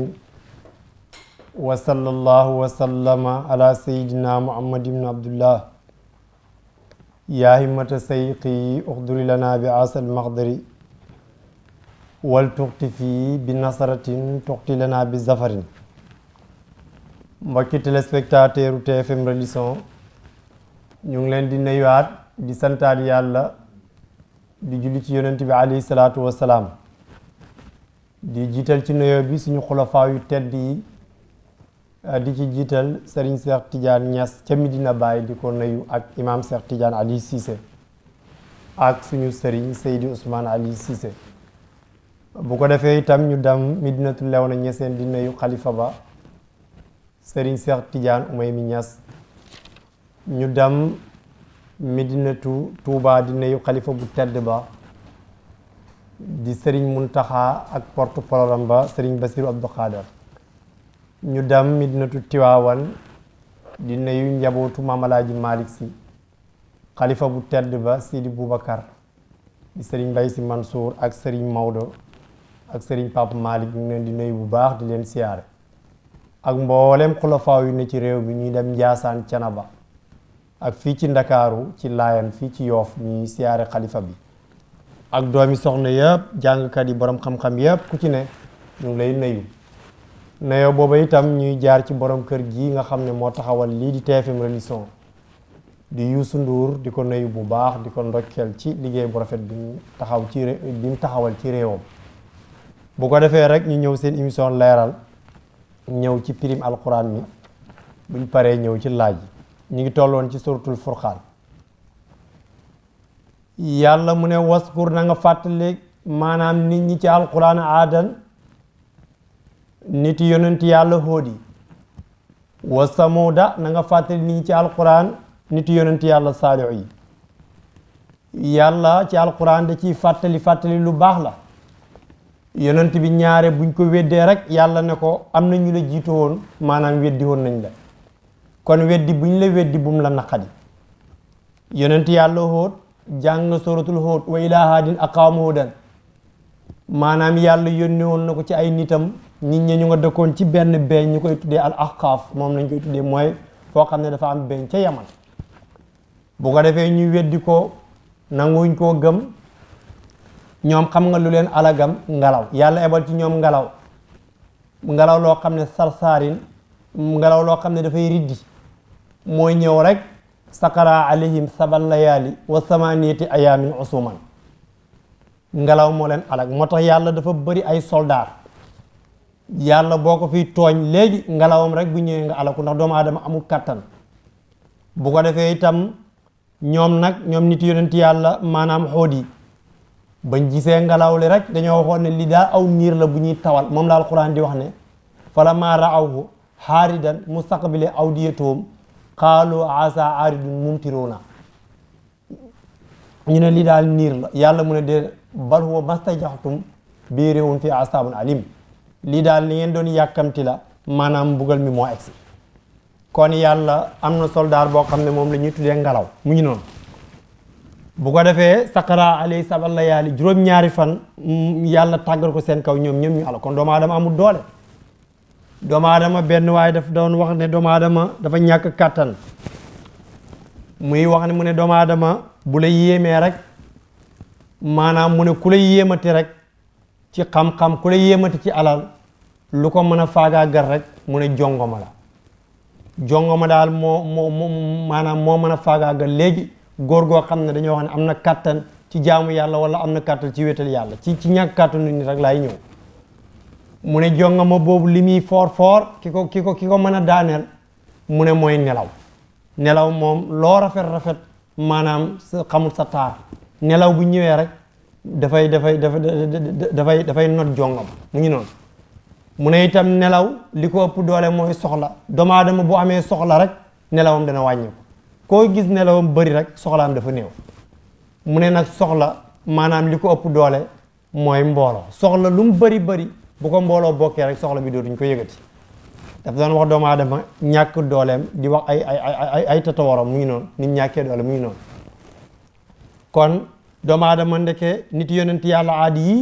الرحيم وصلى الله وسلم على سيدنا محمد بن عبد الله يا همة سيقي اغدر لنا بعاص المقدر ولتقتفي بنصرة تقتي لنا بزفر mbokki téléspectateur TFM religion ñu ngi leen di nuyuwaat di santaat di julli ci yonent bi alayhi salaatu wa salaam di jiital ci nuyoo bi suñu xulafaa yu tedd yi ah, di ci jiital Serigne Cheikh Tidiane ñas ca Medina Baye di ko nuyu ak imam Cheikh Tidiane Ali Cissé ak suñu sëriñ Seydi Ousmane Ali Cissé bu ko defee itam ñu dem Medinatu Léona Niassène di nuyu kalifa ba Serigne Cheikh Tidiane Oumaymi Niass ñu dem Medinatu Touba di nuyu xalifa bu tedd ba di sëriñ Muntaxa ak porte-parole ba sëriñ Basiru Abdu Xaadar ñu dem Midinatu Tiwaawan di nuyu njabootu mamalaaji Alaaji Si xalifa bu tedd ba Sidi Boubacar di sëriñ Mbay Si Mansour ak sëriñ Maodo ak sëriñ Pape Malick ñu ngi di nuyu bu baax di leen siyaare ak mboolem xulafaaw yu ne ci réew mi ñuy dem Njaasaan ba ak fii ci Ndakaaru ci Laayan fii ci Yoof ñuy siyaare xalifa bi ak doomi soxna yëpp jàngkat yi borom xam-xam yëpp ku ci ne ñu ngi lay nuyu nuyoo booba itam ñuy jaar ci borom kër gi nga xam ne moo taxawal lii di TFM religion di Youssou Ndour di ko nuyu bu baax di ko ndokkeel ci liggéey bu rafet bi mu taxaw ci bi taxawal ci réewam bu ko defee rek ñu ñëw seen émission leeral ñëw ci prime alquran mi buñ paree ñëw ci laaj ñu ngi tolloon ci suratul furqaan yàlla mu ne waskur na nga fàttali maanaam nit ñi ci alquran aadan nit yonent yàlla hóod yi wa samuuda na nga fàttali nit ñi ci alquran nit yonent yàlla saalix yi yàlla ci alquran da ciy fàttali fàttali lu baax la yonent bi ñaare buñ ko weddee rek yàlla ne ko am na ñu la jiitu woon maanaam weddi woon nañ la kon weddi buñ la weddi bum la naqadi yonent yàlla hóod jàng na suratul Hud wa ilaa haadin aqaamu hudan maanaam yàlla yónni woon na ko ci ay nitam nit ñi ñu nga dëkkoon ci benn beeñ ñu koy tuddee al ahqaaf moom lañ koy tuddee mooy foo xam ne dafa am beñ ca yaman bu ko defee ñuy weddi ko nanguñ koo gëm ñoom xam nga lu leen alagam ngelaw yàlla ebal ci ñoom ngelaw ngelaw loo xam ne sarsaarin ngelaw loo xam ne dafay riddi mooy ñëw rek saqara alayhim sabal layaali wa samaniyati ayaamin usuman ngelaw moo leen alag moo tax yàlla dafa bari ay soldaar yàlla boo ko fi tooñ léegi ngelawam rek bu ñëwee nga alaku ndax doomu aadama amul kàttan bu ko defee itam ñoom nag ñoom nit yonent yàlla maanaam xóot yi bañ gisee ngelaw li rek dañoo waxoon ne li daa aw niir la bu ñuy tawal moom la alquran di wax ne fala maa raawhu xaaridan mustaqbile awdiyatoom xaalu asa aridun mumtiruna ñu ne lii daal niir la yàlla mu ne de bal huwa mastajaxtum bii réewun fi asabun alim lii daal li ngeen doon yàkkamti la maanaam mbugal mi moo egsi kon yàlla am na soldaar boo xam ne moom la ñuy tuddee ngelaw mu ngi noonu bu ko defee saqara alayhi sabal layaali juróom-ñaari fan mm, yàlla tàggal ko seen kaw ñoom ñoom ñu ala kon doomu aadama amul doole doomu aadama benn waaye daf doon wax ne doomu aadama dafa ñàkk kàttan muy wax ne mu ne doomu aadama bu la yéemee rek maanaam mu ne ku la yéemati rek ci xam-xam ku la yéemati ci alal lu ko mën a faagaagal rek mu ne jongoma la jongoma daal moo moo moo maanaam moo mën a faagaagal léegi góor goo xam ne dañoo wax ne am na kàttan ci jaamu yàlla wala am na kattan ci wéetal yàlla ci ci ñàkk kàttanu nit rek laay ñëw mu ne jongama boobu li muy foor foor ki ko ki ko ki ko mën a daaneel mu ne mooy nelaw nelaw moom loo rafet rafet maanaam sa xamul sa taar nelaw bu ñëwee rek dafay dafay dafa dafay dafay not jongama mu ngi noonu mu ne itam nelaw li ko ëpp doole mooy soxla doomu aadama amee soxla rek nelawam dana wàññeeku koo gis nelawam bëri rek soxlaam dafa néew mu ne nag soxla maanaam li ko ëpp doole mooy mbooloo soxla lu mu bëri bu ko mbooloo bokkee rek soxla bi dootuñ ko yëgati dafa doon wax doomu aadama ñàkk dooleem di wax ay ay ay ay tatawaram mu ngi noonu nit ñàkkee doole mu ngi noonu kon doomu aadama ndeke nit yonent yàlla aadi yi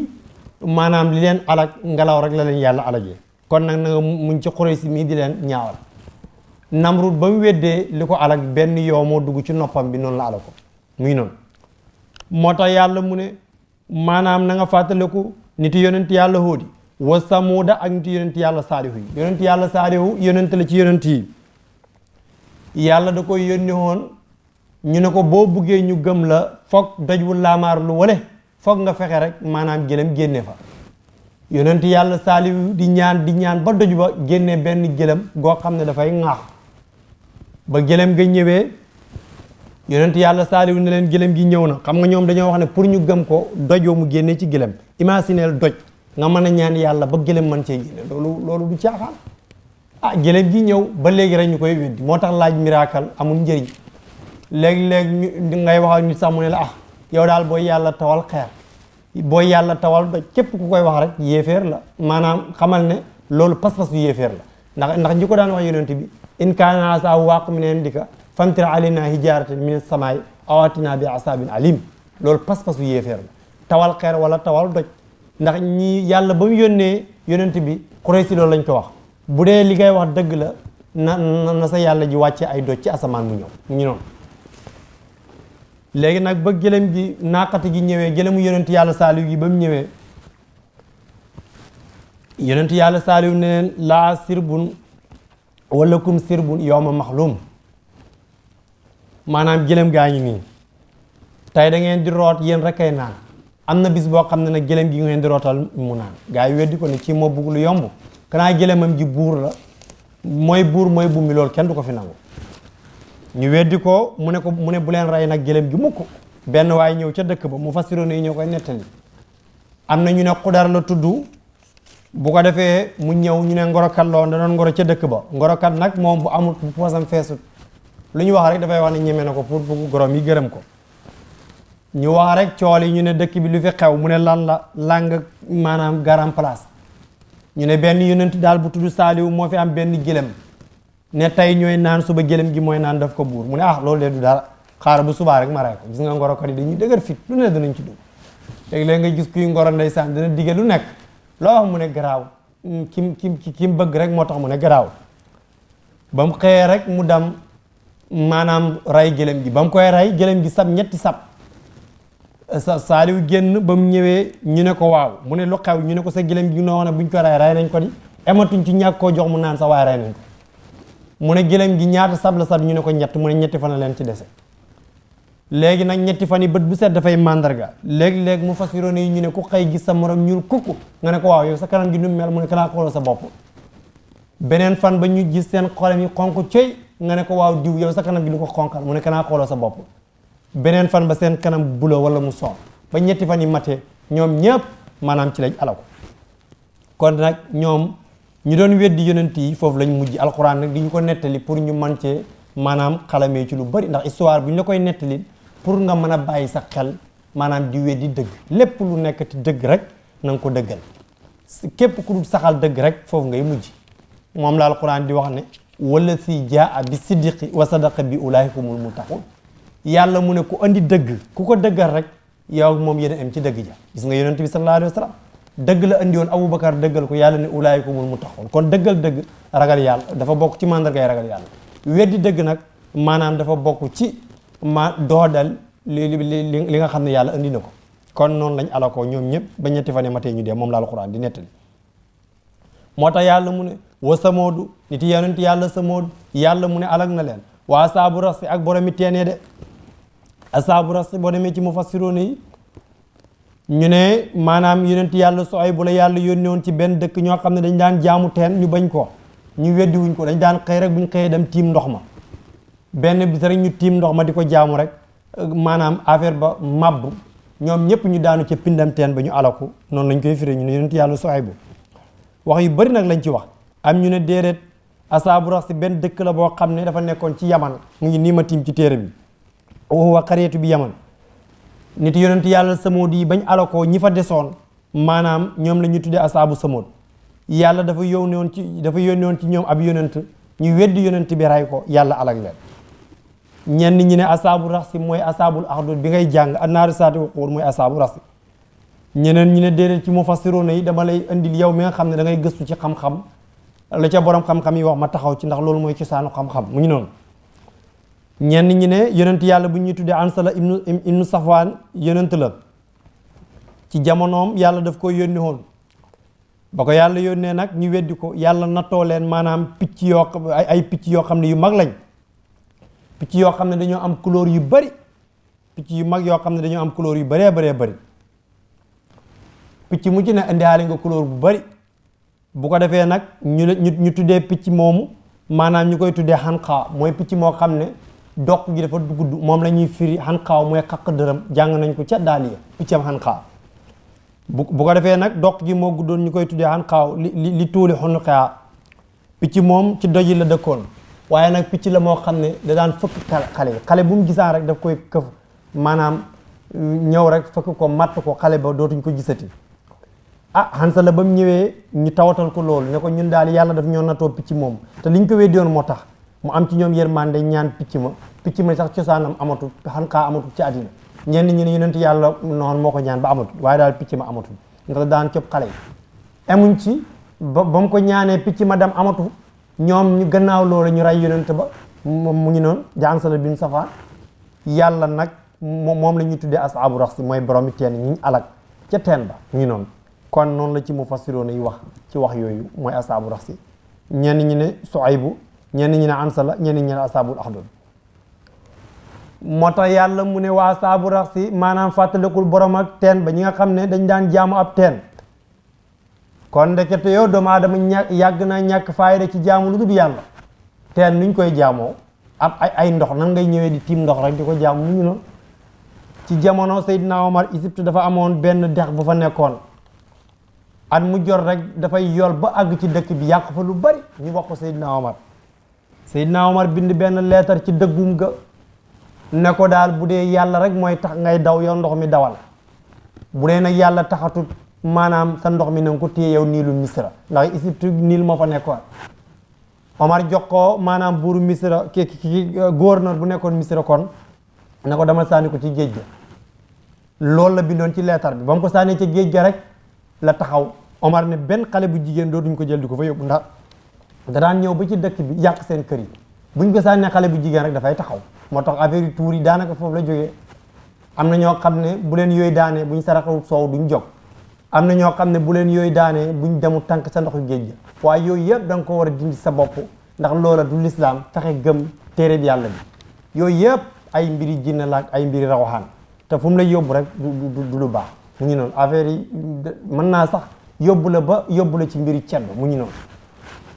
maanaam li leen alag ngelaw rek la leen yàlla alagee kon nag na nga muñ ci Xuraysi mii di leen ñaawal Namrud ba mu weddee li ko alag benn yoo moo dugg ci noppam bi noonu la alag ko mu ngi noonu moo tax yàlla mu ne maanaam na nga fàttaliku nit yonent yàlla hóodi wa samuuda ak nitu yonent yàlla saalihu yi yàlla saalihu yonent la ci yonent yi yàlla da koy yónni woon ñu ne ko boo buggee ñu gëm la foog doj wu laamaar lu wale foog nga fexe rek maanaam gëlëm génne fa yonent yàlla saalihu di ñaan di ñaan ba doj ba génne benn gëlëm goo xam ne dafay ŋaax ba gëlëm nga ñëwee yonent yàlla saalihu ne leen gëlëm gi ñëw na xam nga ñoom dañoo wax ne pour ñu gëm ko doj wa mu génne ci gëlëm imagineel doj nga mën a ñaan yàlla ba gëlëm man cee génne loolu loolu du caaxaan ah gëlëm gi ñëw ba léegi rek ñu koy weddi moo tax laaj miracle amul njëriñ léeg-léeg ngay wax ak nit sax mu la ah yow daal boo yàlla tawal xeer boo yàlla tawal doj képp ku koy wax rek yéeféer la maanaam xamal ne loolu pas-pas yu la ndax ndax ñi ko daan wax yonent bi in kaana saa waaqu min indika famtir alayna hijaratan min samaay awatina bi asabin alim loolu pas-pas yu tawal xeer wala tawal doj ndax ñi yàlla ba mu yónnee yonent bi xuree si loolu lañ ko wax bu dee li ngay wax dëgg la na na sa yàlla ji wàcce ay doj ci asamaan mu ñëw mu ngi léegi nag ba gëlëm gi naqati gi ñëwee gëlëmu yonent yàlla saaliw gi ba mu ñëwee yonent yàlla saaliw ne leen laa sirbun walla kum sirbun yow ma maxlum maanaam gëlëm gaa ngi nii tey da ngeen di root yéen rek ay naan am na bis boo xam ne nag gëléem gi ngeen di rootal mu naan gars yi weddi ko ne ci moo bugg lu yomb xanaa gëléemam ji buur la mooy buur mooy bu mi loolu kenn du ko fi nangu ñu weddi ko mu ne ko mu ne bu leen rey nag gëléem gi mukk benn waaye ñëw ca dëkk ba mu fassiroon yi ko koy nettali am na ñu ne xudar la tudd bu ko defee mu ñëw ñu ne ngoro la loo da doon ngoro ca dëkk ba ngorokat nag moom bu amul bu poosam feesut lu ñu wax rek dafay wax ne ñeme na ko pour bu gorom yi gërëm ko ñu wax rek cool yi ñu ne dëkk bi lu fi xew mu ne lan la làng maanaam garam place ñu ne benn yonent daal bu tudd saaliwu moo fi am benn gëlëm ne tey ñooy naan suba gëlëm gi mooy naan daf ko buur mu ne ah loolu de du daal xaar bu subaa rek ma ray ko gis nga ngoro ko yi dañuy dëgër fit lu ne danañ ci dugg léegi-léeg nga gis kuy ngoro ndeysaan dina dige lu nekk loo mu ne garaaw mm, kim kim kim bëgg rek moo tax mu ne garaaw ba mu xëyee rek mu dem maanaam ray gëlëm gi ba mu koy ray gëlëm gi sab ñetti sab sa saaliw génn ba mu ñëwee ñu ne ko waaw mu ne lu xew ñu ne ko sa gilem gi noo ne bu ñu ko ray ray nañ ko ematuñ ci ñàkk koo jox mu naan sa waaye ray ko mu ne gilem gi ñaata sable la sab ñu ne ko ñett mu ne ñetti fan leen ci dese léegi nag ñetti fan yi bët bu set dafay màndarga léegi-léegi mu fas yoroon yi ñu ne ku xëy gis sa morom ñuul kukku nga ne ko waaw yow sa kanam gi nu mel mu ne kanaa xoolal sa bopp beneen fan ba ñu gis seen xolem yi xonk coy nga ne ko waaw diw yow sa kanam gi du ko xonkal mu ne kanaa xoolal sa bopp beneen fan ba seen kanam bulo wala mu soow ba ñetti fan yi matee ñoom ñëpp maanaam ci lañ alaku kon nag ñoom ñu doon weddi yonent yi foofu lañ mujj alxuraan nag di ñu ko nettali pour ñu man cee maanaam xalamee ci lu bari ndax histoire bu ñu la koy nettali pour nga mën a bàyyi sa xel maanaam di weddi dëgg lépp lu nekk ci dëgg rek na ko dëggal képp ku dul saxal dëgg rek foofu ngay mujj moom la alxuraan di wax ne wala si jaa bi siddiqi wa sadaqa bi mu muttaqun yàlla mu ne ku andi dëgg ku ko dëggal rek yow moom yéen am ci dëgg ja gis nga yonent bi sallallahu alayhi wa sallam dëgg la andi woon Aboubacar dëggal ko yàlla ne ulaayika humul muttaquun kon dëggal dëgg ragal yàlla dafa bokk ci mandargay ragal yàlla weddi dëgg nag maanaam dafa bokk ci ma doodal li li nga xam ne yàlla andi na ko kon noonu lañ ala ko ñoom ñëpp ba ñetti fan matee ñu dee moom la alquran di nettali moo tax yàlla mu ne wa samoodu nit yonent yàlla samoodu yàlla mu ne alag na leen waa saabu rasi ak boromi teenee de asaabu rasi boo demee ci mufassiroon yi ñu ne maanaam yonent yàlla Suayb bu la yàlla yónnee woon ci benn dëkk ñoo xam ne dañ daan jaamu teen ñu bañ ko ñu weddi ko dañ daan xëy rek bu ñu xëyee dem tiim ndox ma benn bis rek ñu tiim ndox ma di ko jaamu rek maanaam affaire ba màbb ñoom ñëpp ñu daanu ca pindam teen ba ñu alaku noonu lañ koy firé ñu ne yonent yàlla Suayb bu wax yu bëri nag lañ ci wax am ñu ne déedéet asaabu rasi benn dëkk la boo xam ne dafa nekkoon ci yaman mu ngi nii ma tiim ci téere bi wa wax qaryatu bi yaman nit yonent yàlla samood yi bañ alakoo ñi fa desoon maanaam ñoom la ñu tuddee asaabu samood yàlla dafa yónnee woon ci dafa yónnee woon ci ñoom ab yonent ñu weddi yonent bi ray ko yàlla alak leen ñenn ñi ne asaabu raxsi mooy asaabul axdud bi ngay jàng a annaaru saati waquur mooy asaabu raxsi ñeneen ñi ne déedéet ci mufassiroona yi dama lay indil yow mi nga xam ne da ngay gëstu ci xam-xam la ca borom xam-xam yi wax ma taxaw ci ndax loolu mooy cosaanu xam-xam ñu noonu ñenn ñi ne yonent yàlla bu ñuy tuddee ansala ibnu ibnu safwaan yonent la ci jamonoom yàlla def ko yónni woon ba ko yàlla yónnee nag ñu weddi ko yàlla nattoo leen maanaam picc yoo ay picc yoo xam ne yu mag lañ picc yoo xam ne dañoo am couleur yu bari picc yu mag yoo xam ne dañoo am couleur yu baree baree bari picc mu ci ne indiaale nga couleur bu bari bu ko defee nag ñu ñu tuddee picc moomu maanaam ñu koy tuddee xanxaa mooy picc moo xam ne dokk gi dafa gudd moom la ñuy firi xanxaaw mooy xaq dërëm jàng nañ ko ca daaliya piccam xanxaaw bu bu ko defee nag dokk ji moo guddoon ñu koy tuddee xanxaaw li li li tuuli xunxaa picc moom ci doji la dëkkoon waaye nag picc la moo xam ne da daan fëkk xale xale bu mu gisaan rek daf koy këf maanaam euh, ñëw rek fëkk ko matt ko xale ba dootuñ ko gisati ah xansa la ba mu ñëwee ñu tawatal ko loolu ne ko ñun daal yàlla daf ñoo natoo picc moom te liñ ko weddi woon moo tax mu am ci ñoom yërmande ñaan picc ma picc mi sax cosaanam amatul xan kaa amatul ci àddina ñenn ñi ne yonent yàlla noonu moo ko ñaan ba amatul waaye daal picc ma nga la daan cëpp xale yi amuñ ci ba ba mu ko ñaanee picc ma dem amatu ñoom ñu gannaaw loolu ñu rey yonent ba moom mu ngi noonu bi ñu safaan yàlla nag moom la ñuy tuddee asaabu rax si mooy boromi teen ñu alak ca teen ba ñu noonu kon noonu la ci mu fassiroon yi wax ci wax yooyu mooy asaabu rax si ñenn ñi ne suaybu ñenn ñi ne ansala ñenn ñi ne asaabul axdod moo tax yàlla mu ne waa saabu rax si maanaam fàttalikul borom ak teen ba ñi nga xam ne dañ daan jaamu ab teen kon ndekete yow doomu aadama ñàkk yàgg naa ñàkk faayda ci jaamu lu dul yàlla teen nuñ koy jaamoo ab ay ay ndox nan ngay ñëwee di tiim ndox rek di ko jaamu mu ñu noonu ci jamono Seydina Omar Égypte dafa amoon benn dex bu fa nekkoon at mu jot rek dafay yool ba àgg ci dëkk bi yàq fa lu bari ñu wax ko Seydina Omar Seydina Omar bind benn leetar ci dëggum ga ne ko daal bu dee yàlla rek mooy tax ngay daw yow ndox mi dawal bu dee nag yàlla taxatut maanaam sa ndox mi na ko téye yow niilu misra ndax Égypte niil moo fa nekkoon Omar jox ko maanaam buuru misra ki ki gouverneur bu nekkoon misra kon ko dama sànni ko ci géej ga loolu la bindoon ci leetar bi ba mu ko sànnee ca géej ga rek la taxaw Omar ne benn xale bu jigéen dootuñ ko jël di ko fa yóbbu ndax da daan ñëw ba ci dëkk bi yàq seen kër yi buñ ko sànnee xale bu jigéen rek dafay taxaw moo tax affaire yu tuur yi daanaka foofu la jóge am na ñoo xam ne bu leen yooyu daanee buñ saraxawut soow duñ jog am na ñoo xam ne bu leen yooyu daanee buñ demu tànk sa ndoxu géej ga waaye yooyu yëpp da ko war a dindi sa bopp ndax loola du lislaam fexe gëm téere bi yàlla bi yooyu yëpp ay mbiri jinne laak ay mbiri rawaxaan te fu mu lay yóbbu rek du du lu baax mu ñu noonu affaire yi mën naa sax yóbbu la ba yóbbu la ci mbiri cedd mu ñu noonu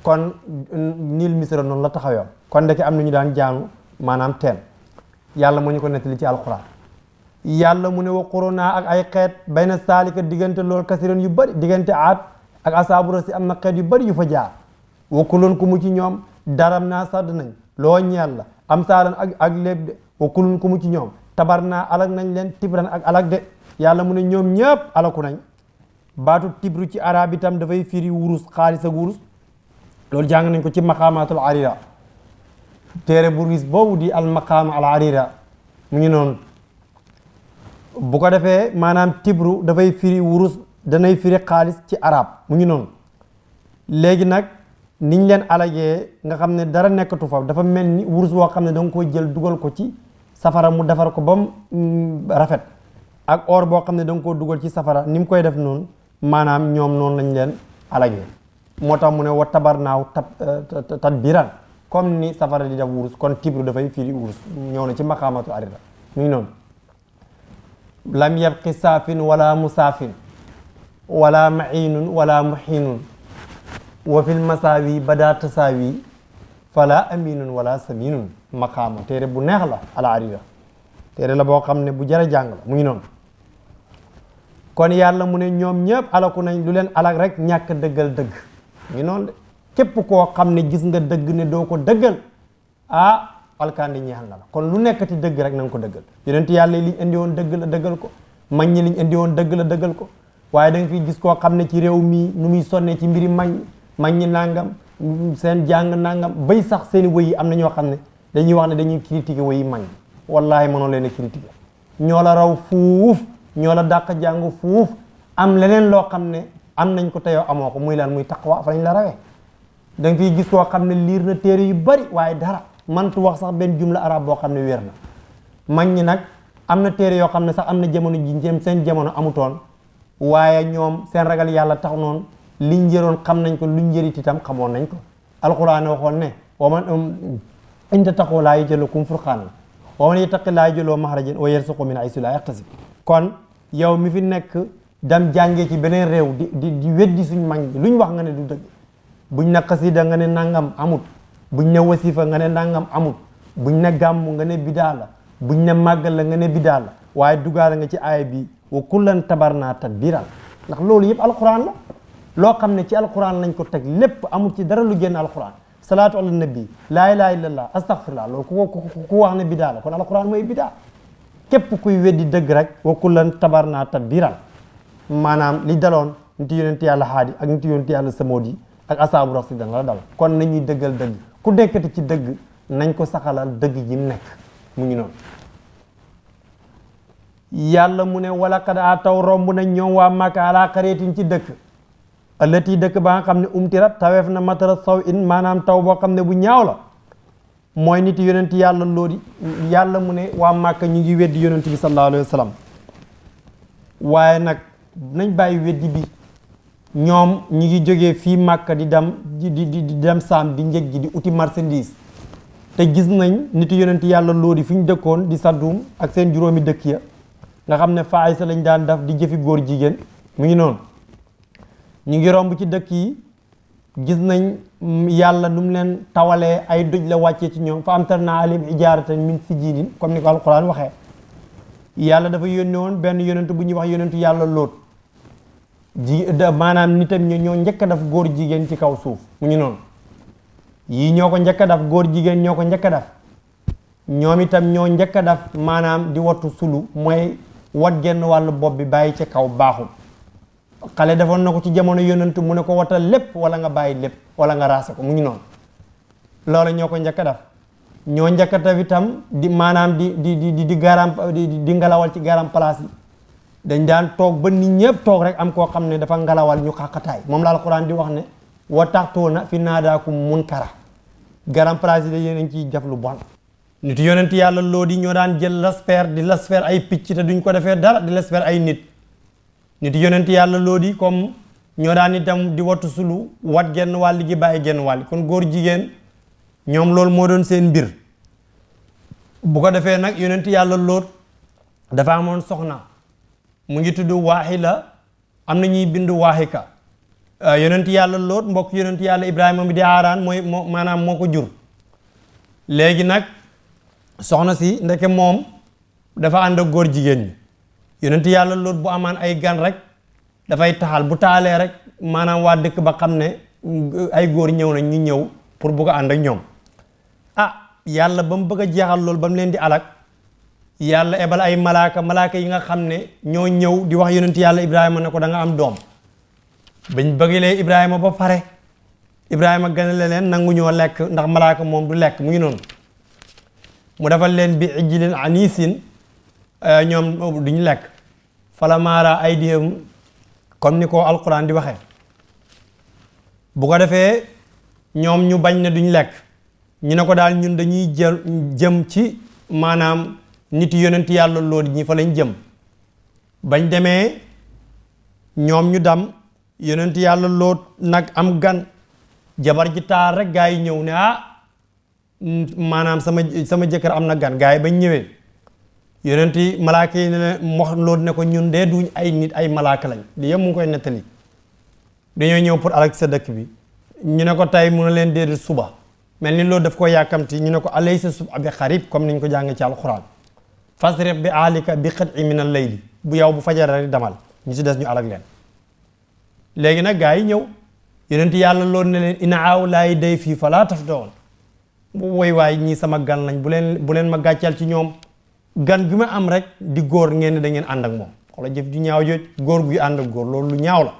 kon niil misra noonu la taxawee kon ndeke am na ñu daan jaamu maanaam teen yàlla moo ko nettali ci alquran mu ne wa naa ak ay xeet bayna saalika diggante loolu kasiran yu bëri diggante aat ak asaabu si am na xeet yu bari yu fa jaar wa kulun ku mu ci ñoom daram naa sadd nañ loo ñeel la am saalan ak ak léeb de wa kulun ku mu ci ñoom tabar naa alag nañ leen tibran ak alag de yàlla mu ne ñoom ñëpp alaku nañ baatu tibru ci arab tam dafay fiir wurus xaalis ak wurus loolu jàng nañ ko ci maqaamaatul arira téere bu riis boobu di almaqaamu al arira mu ngi noonu bu ko defee maanaam tibru dafay firi wurus danay firi xaalis ci araab mu ngi noonu léegi nag niñ leen alagee nga xam ne dara nekkatu fa dafa mel ni wurus woo xam ne da nga koy jël dugal ko ci safara mu defar ko ba mu mm, rafet ak or boo xam ne danga nga koo dugal ci safara ni mu koy def noonu maanaam ñoom noonu lañ leen alagee moo tax mu ne wa tabar naaw tab eh, tadbiran comme ni safara di def wurus kon tibru dafay firi wurus ñëw na ci maqaamatu arida mi ngi noonu lam yabqi saafin wala musaafin wala mahinun wala muhinun wa fil masaawi bada tasaawi fala aminun wala saminun maqaama téere bu neex la al arida la boo xam ne bu jara jàng mu ngi noon kon yàlla mu ne ñoom ñëpp alaku nañ lu leen alak rek ñàkk dëggal dëgg mu ngi noonu képp koo xam ne gis nga dëgg ne doo ko dëggal ah alkaandi ñeexal na la kon lu nekk nekkati dëgg rek nañ ko dëggal yonent yàlla liñ indi woon dëgg la dëggal ko mag ñi liñ indi woon dëgg la dëggal ko waaye da fi gis koo xam ne ci réew mii nu muy sonnee ci mbiri mag mag ñi nangam seen jàng nangam bay sax seeni i yi am na ñoo xam ne dañuy wax ne dañuy critiquer wëy yi mag ñi wallaahi mënoo leen a critiquer ñoo la raw fuuf ñoo la dàq jàngu fuuf am leneen loo xam ne am nañ ko te amoo ko muy lan muy taqwa fa lañ la da nga gis koo xam ne liir na téere yu bari waaye dara man tu wax sax benn jumla arab boo xam ne weer na mag ñi nag am na téere yoo xam ne sax am na jamono ji njëm seen jamono amutoon waaye ñoom seen ragal yàlla tax noon liñ njëroon xam nañ ko luñ njërit tam xamoon nañ ko alxuraan waxoon ne wa man um, in tattaqu laa yaj'alkum furqaanan wa man yattaqi laa yaj'al lahu maxrajan wa yarzuqhu min haysu laa yaxtasib kon yow mi fi nekk dem jàngee ci beneen réew di di di weddi suñ mag ñi luñ wax nga ne du dëgg buñ ne xasida nga ne nangam amut buñ ne wasifa nga ne nangam amut buñ ne gàmm nga ne bidaa la buñ ne màggal la nga ne bidaa la waaye dugaale nga ci aaya bi wa kullan tabarnaa tadbiran ndax loolu yëpp alquran la loo xam ne ci alquran lañ ko teg lépp amul ci dara lu génn alquran salaatu ala nabi laa ilaha illallah astaghfirullah loolu ku ku wax ne bidaa la kon alquran mooy bidaa képp kuy weddi dëgg rek wa kullan tabarnaa tadbiran maanaam li daloon niti yonent yàlla haadi ak niti yonent yàlla samood yi ak asaabu rasidan la dal kon nañuy dëggal dëgg ku dekkati ci dëgg nañ ko saxalal dëgg ji mu nekk mu ngi noonu yàlla mu ne wala kad taw romb nañ ñoom waa Makka ala xareetin ci dëkk ëllëti dëkk ba nga xam ne umtirat taweef na matara saw in maanaam taw boo xam ne bu ñaaw la mooy nit yonent yàlla loodi yàlla mu ne waa Makka ñu ngi weddi yonent bi sallallahu alayhi wa waaye nag nañ bàyyi weddi bi ñoom ñu ngi jógee fii Màkka di dem di di di dem saam di njëg ji di uti marchandise te gis nañ nitu yonent yàlla loodi fu ñu dëkkoon di Sadduum ak seen juróomi dëkk ya nga xam ne faay sa lañ daan daf di jëfi góor jigéen mu ngi noonu ñu ngi romb ci dëkk yi gis nañ yàlla nu mu leen tawalee ay doj la wàccee ci ñoom fa amtarnaa alayhim hijaaratan min sijjiil comme ni ko alquran waxee yàlla dafa yónne woon benn yonentu bu ñuy wax yonentu yàlla lóot ji maanaam nitam ñi ñoo njëkk a daf góor jigéen ci kaw suuf mu ngi noonu yii ñoo ko njëkk a daf góor jigéen ñoo ko njëkk a daf ñoom itam ñoo njëkk a daf maanaam di wattu sulu mooy wat genn wàllu bopp bi bàyyi ci kaw baaxul xale defoon na ko ci jamono yonantu mu ne ko watal lépp wala nga bàyyi lépp wala nga raase ko mu ngi noonu loolu ñoo ko njëkk daf ñoo njëkk a daf itam di maanaam di di di di garam di di ngalawal ci garam place yi dañ daan toog ba nit ñëpp toog rek am koo xam ne dafa ngalawal ñu xàqataay moom la alquran di wax ne wa taxtoona fi naadaakum munkara garam place de yéen a ngi ciy jaf lu bon nit yonent yàlla lool di ñoo daan jël lasper di lasper ay picc duñ ko defee dara di lasper ay nit nit yonent yàlla loo di comme ñoo daan itam di wattu sulu wat genn wàll gi bàyyi genn wàlli kon góor jigéen ñoom loolu moo doon seen mbir bu ko defee nag yonent yàlla lool dafa amoon soxna mu ngi tudd la am na ñuy bind waaxika euh, yonent yàlla loot mbokk yonent yàlla ibrahima bi di aaraan mooy moo maanaam moo ko jur léegi nag soxna si ndeke moom dafa ànd góor jigéen ñi yonent yàlla loot bu amaan ay gan rek dafay taxal bu taalee rek maanaam waa dëkk ba xam ne ay góor ñëw nañ ñu ñëw pour bu ko ànd ak ñoom ah yàlla ba mu bëgg a jeexal loolu ba leen di alak yàlla ebal ay malaaka malaaka yi nga xam ne ñoo ñëw di wax yonent yàlla Ibrahima ne ko danga am doom bañ bëggalee Ibrahima ba pare Ibrahima ganale leen nangu ñoo lekk ndax malaaka moom du lekk mu ngi noonu mu defal leen bi ijlin anisin eh, ñoom duñu lekk falamaara ay diyam comme ni ko alquran di waxee bu ko defee ñoom ñu bañ ne duñ lekk ñu ne ko daal ñun dañuy jël jëm ci maanaam nit yonent yàlla lool ñi fa lañ jëm bañ demee ñoom ñu dam yonent yàlla loot nag am gan jabar ji taal rek gaa yi ñëw ne ah maanaam sama sama jëkkër am na gan gaa yi bañ ñëwee yonent yi malaaka yi ne wax loot ne ko ñun dee duñ ay nit ay malaaka lañ li yëpp mu ngi koy nettali dañoo ñëw pour alak sa dëkk bi ñu ne ko tey mu ne leen déedéet suba mel ni loolu daf ko yàkkamti ñu ne ko alaysa sub abi xarib comme niñ ko jàng ci alxuraan fasrib bi alika bi xëti min al layli bu yow bu fajara rek damal ñu si des ñu alag leen léegi nag gaa yi ñëw ti yàlla loon ne leen ina aaw laay day fii falaa taf doon woy waay ñii sama gan lañ bu leen bu leen ma gàcceel ci ñoom gan gi ma am rek di góor ngeen da ngeen ànd moom xoola jëf ju ñaaw jooj góor guy ànd góor loolu lu ñaaw la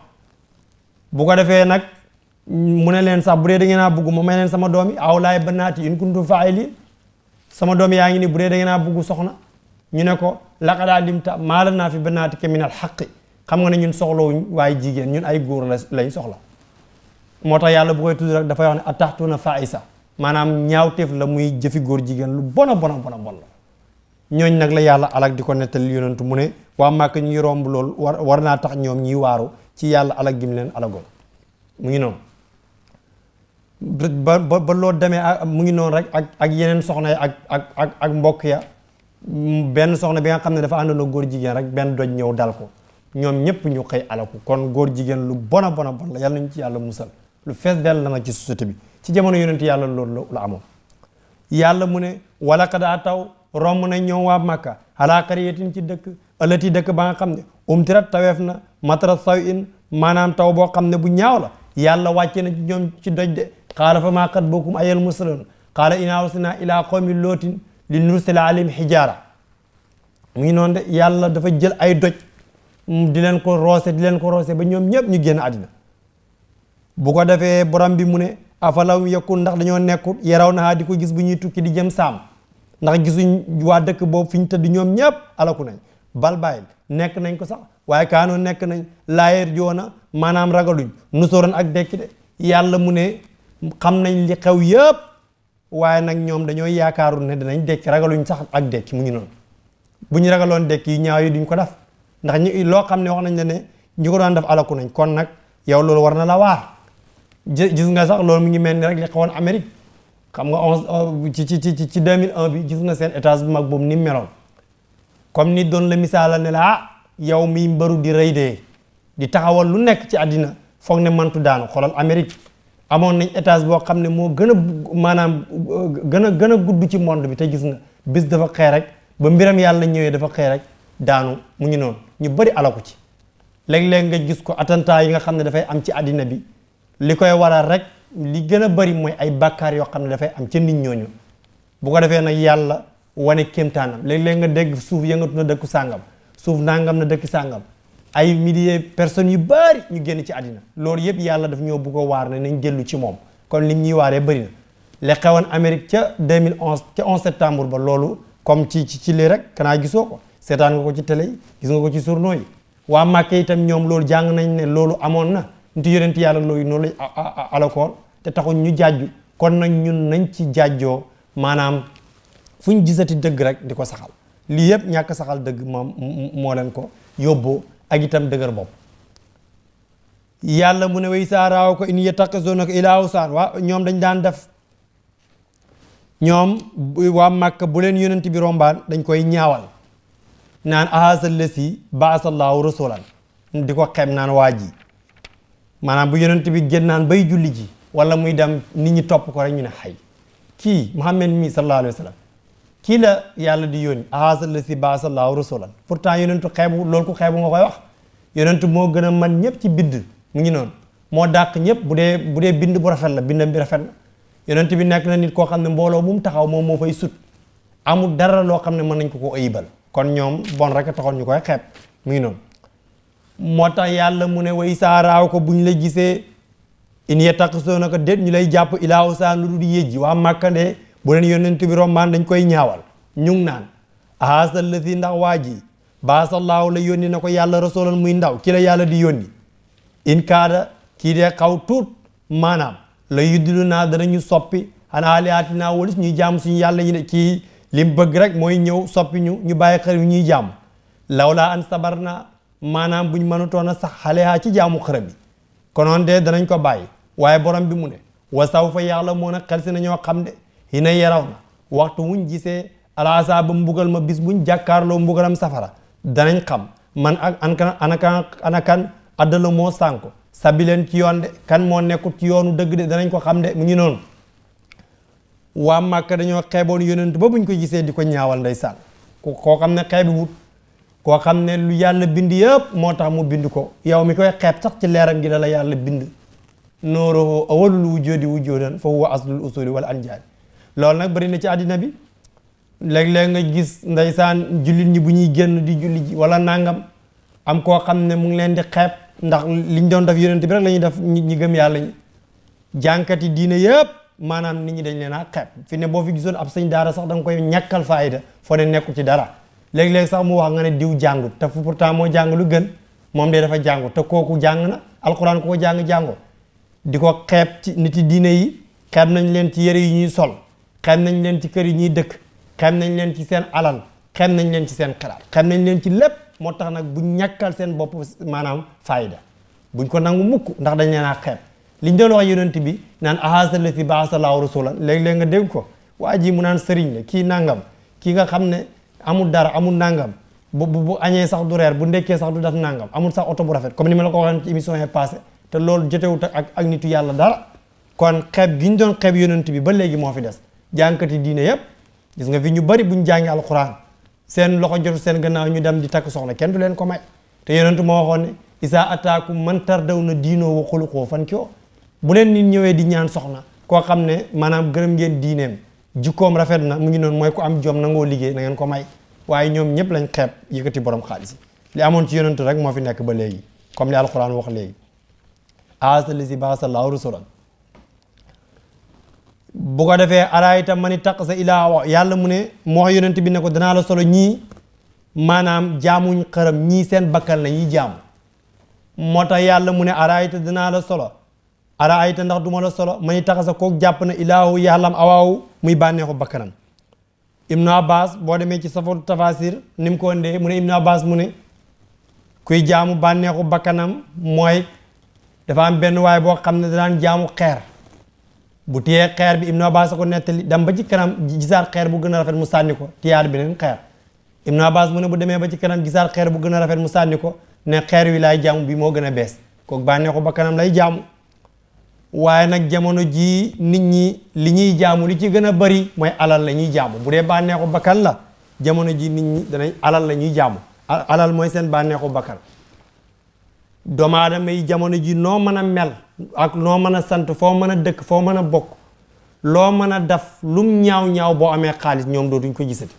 bu ko defee nag mu ne leen sax bu dee da ngeen a bugg ma may leen sama doom yi aaw laay ba naati in kuntum faa'iliin sama doom yaa ngi ni bu dee da ngeen a ñu ne ko laqadaa limta maala naa fi banaatika min al xaqi xam nga ne ñun soxlawuñ waaye jigéen ñun ay góor la lañ soxla moo tax yàlla bu koy tudd rek dafay wax ne ataxtuuna faisa maanaam teef la muy jëfi góor jigéen lu bona bona bona bon la ñooñ nag la yàlla alak di ko nettali yonentu mu ne waa màkk ñuy romb loolu war war naa tax ñoom ñuy waaru ci yàlla alak gim leen alagoon mu ngi noonu ba ba ba loo demee ah, mu ngi noonu rek ak ak yeneen soxna ak ak ak ak mbokk ya benn soxna bi nga xam ne dafa àndoona góor jigéen rek benn doj ñëw dal ko ñoom ñëpp ñu xëy alaku kon góor jigéen lu bona bona bon la yàlla nañu ci yàlla musal lu fees dell la nag ci société bi ci jamono yonent yàlla loolu la amoon yàlla mu ne wala kadaa taw romb nañ ñëw waa Makka alaa qaryatin ci dëkk ëllëti dëkk ba xam ne umtirat taweef na matara saw in maanaam taw boo xam ne bu ñaaw la yàlla wàcce na ci ñoom ci doj de xaala fa maa qad bakum ayyuhal mursaluun xaala innaa ursilnaa ilaa qawmi lootin li nursila alayhim hijaara mu ngi noonu de yàlla dafa jël ay doj di leen ko roose di leen ko roose ba ñoom ñëpp ñu génn àddina bu ko defee borom bi mu ne afalaw yakun ndax dañoo nekkul yaraw naa di ko gis bu ñuy tukki di jëm saam ndax gisuñ waa dëkk boobu fi ñu tëdd ñoom ñëpp alaku nañ bal bàyyil nekk nañ ko sax waaye kaanoo nekk nañ laayer joona maanaam ragaluñ nu soroon ak dekki de yàlla mu ne xam nañ li xew yëpp waaye nag ñoom dañoo yaakaaru ne danañ dekk ragaluñ sax ak dekki mu ngi noonu bu ñu ragaloon dekk yu ñaari duñ ko def ndax ñu loo xam ne wax nañ la ne ñu ko doon def alaku nañ kon nag yow loolu war na la waar gis nga sax loolu mu ngi mel ni rek li xawoon Amérique xam nga onze euh, ci ci ci ci 2001 bi gis nga seen état bu mag boobu ni meloon comme ni doon la misaala ne la ah yow miy mbaru di rey dee di taxawal lu nekk ci àddina foog ne mantu daanu xoolal Amérique amoon nañ étage boo xam ne moo gën a maanaam gën a gën a gudd ci monde bi te gis nga bis dafa xee rek ba mbiram yàlla ñëwee dafa xee rek daanu mu ñu noonu ñu bari alaku ci léeg-léeg nga gis ko attentat yi nga xam ne dafay am ci àddina bi li koy waral rek li gën a bari mooy ay bàkkaar yoo xam ne dafay am ci nit ñooñu bu ko defee nag yàlla wane kéemtaanam léeg-léeg nga dégg suuf yëngatu na dëkku sàngam suuf nangam na dëkki sàngam ay milliers personnes yu bari ñu génn ci àddina loolu yëpp yàlla daf ñoo bugg a waar ne nañ dellu ci moom kon lim ñuy waaree bëri na li xewoon Amérique ca mille 2011 ca 11 septembre ba loolu comme ci ci ci lii rek kanaa gisoo ko seetaan nga ko ci télé yi gis nga ko ci journaux yi waa Màkka itam ñoom loolu jàng nañ ne loolu amoon na nti yonent yàlla looyu noonu lañ alakoor te taxuñ ñu jàjju kon nañ ñun nañ ci jàjjoo maanaam fu ñu gisati dëgg rek di ko saxal lii yëpp ñàkk saxal dëgg moom moo leen ko yóbboo ak itam dëgër bopp yàlla mu ne way saa raaw ko in yattaxizuunaka illaa huzwan waa ñoom dañ daan def ñoom waa Màkka bu leen yonent bi rombaan dañ koy ñaawal naan ahasal lasi baasallaahu rasulan di ko xem naan waa ji maanaam bu yonent bi génnaan bay julli ji wala muy dem nit ñi topp ko rek ñu ne xay kii Muhammad mi sallallahu alayhi wa kii la yàlla di yoon haasa la si baasa laaw rasulan pourtant yonentu xeebu lool ku xeebu nga koy wax yonentu moo gën a man ñëpp ci bind mu ngi noonu moo dàq ñëpp bu dee bu dee bind bu rafet la bindam bi rafet na yonent bi nekk na nit koo xam ne mbooloo bu mu taxaw moom moo fay sut amul dara loo xam ne mën nañ ko ko ayibal kon ñoom bon rek a taxoon ñu koy xeeb mu ngi noonu moo tax yàlla mu ne way saaraaw ko bu ñu la gisee in ye taq soo na ko déet ñu bu leen yonent bi rombaan dañ koy ñaawal ñu ngi naan haasa allazi ndax waa ji baasallaahu la yónni na ko yàlla rasoolan muy ndaw ki la yàlla di yónni in kaada kii dee kaw tuut maanaam la yuddilu naa danañu soppi an aalihatinaa walis ñuy jaam suñu yàlla yi ne kii lim bëgg rek mooy ñëw soppi ñu ñu bàyyi xar yi ñuy law lawlaa an sabar na maanaam buñ mënutoon a sax xalehaa ci jaamu xërëm yi konoon de danañ ko bàyyi waaye borom bi mu ne wa sawfa yi na waxtu wuñ jisee alaasa ba mbugal ma bis buñ jàkkaarloo mbugalam safara danañ xam man ak ankan anakan anakan addala moo sànko sabi leen ci yoon de kan moo nekkut ci yoonu dëgg de danañ ko xam de mu ngi noonu waa Màkka dañoo xeeboon yonent ba buñ ko gisee di ko ñaawal ndeysaan koo xam ne xeebi wut koo xam ne lu yàlla bind yëpp moo tax mu bind ko yow mi koy xeeb sax ci leeram gi la la yàlla bind nooruhu awalul wujjoodi wujjoodan fa huwa aslul usuli loolu nag bari na ci àddina bi léeg-léeg nga gis ndeysaan jullit ñi bu ñuy génn di julli ji wala nangam am koo xam ne mu ngi leen di xeeb ndax liñ doon def yonent bi rek lañuy ñuy def nit ñi gëm yàlla ñi jànkati diina yëpp maanaam nit ñi dañ leen a xeeb fi ne boo fi gisoon ab sëñ daara sax da nga koy ñàkkal faayda foo ne nekku ci dara léeg-léeg sax mu wax nga ne diw jàngut te fu pourtant moo jàng lu gën moom de dafa jàngu te kooku jàng na alxuraan ko jàng jàngoo di ko xeeb ci nit yi diine yi xeeb nañ leen ci yëre yi ñuy sol xem nañ leen ci kër yi ñuy dëkk xem nañ leen ci seen alal xem nañ leen ci seen xalaat xem nañ leen ci lépp moo tax nag bu ñàkkal seen bopp maanaam fayda buñ ko nangu mukk ndax dañ leen a xeeb liñ doon wax yonent bi naan ahasa lati baasa laahu rasulan léeg-léeg nga dégg ko waa ji mu naan la kii nangam kii nga xam ne amul dara amul nangam bu bu añee sax du reer bu ndekkee sax du def nangam amul sax oto bu rafet comme ni ma la ko waxoon ci émission yi passé te loolu jotewut ak ak nitu yàlla dara kon xeeb gi ñu doon xeeb yonent bi ba léegi moo fi des jànkati diine yépp gis nga fi ñu bari buñ jàngi alquran seen loxo jotu seen gannaaw ñu dem di takk soxna kenn du leen ko may te yonentu moo waxoon ne isa ataakum man tardaw na diinoo wa xuluqoo fan koo bu leen nit ñëwee di ñaan soxna koo xam ne maanaam gërëm ngeen diineem jikkoom rafet na mu ngi noonu mooy ko am jom nangoo liggéey na ngeen ko may waaye ñoom ñëpp lañ xeeb yëkkati borom xaalis yi li amoon ci yonentu rek moo fi nekk ba léegi comme li alquran wax léegi aasa lisi baasa laahu rasulan bu ko defee araayta mani taqasa ilaa wax yàlla mu ne moo wax yonent bi ne ko danaa la solo ñii maanaam jaamuñ xaram ñii seen bakkan la ñuy jaamu moo tax yàlla mu ne araayta danaa la solo araayta ndax duma la solo takk sa kooku jàpp na ilaahu yàllam awaawu muy bànneexu bakkanam ibnu abbas boo demee ci safaru tafasir nim mu ko mu ne naa baas mu ne kuy jaamu bànneexu bakkanam mooy dafa am benn waay boo xam ne danaan jaamu xeer bu téyee xeer bi Ibnu baas ko nettali dem ba ci kanam gisaat xeer bu gën a rafet mu sànni ko téyaat beneen xeer Ibnu Abbas mu ne bu demee ba ci kanam gisaat xeer bu gën a rafet mu sànni ko ne xeer wi laay jaamu bi moo gën a bees kook kooku bànneexu ba kanam lay jaamu waaye nag jamono jii nit ñi li ñuy jaamu li ci gën a bari mooy alal la ñuy jaamu bu dee bànneexu bakkan la jamono ji nit ñi danañ alal la ñuy jaamu alal mooy seen bànneexu bakkan doomu aadama yi jamono jii noo mën a mel ak noo mën a sant foo mën a dëkk foo mën a bokk loo mën a daf lum ñaaw-ñaaw boo amee xaalis ñoom dootuñ ko gisati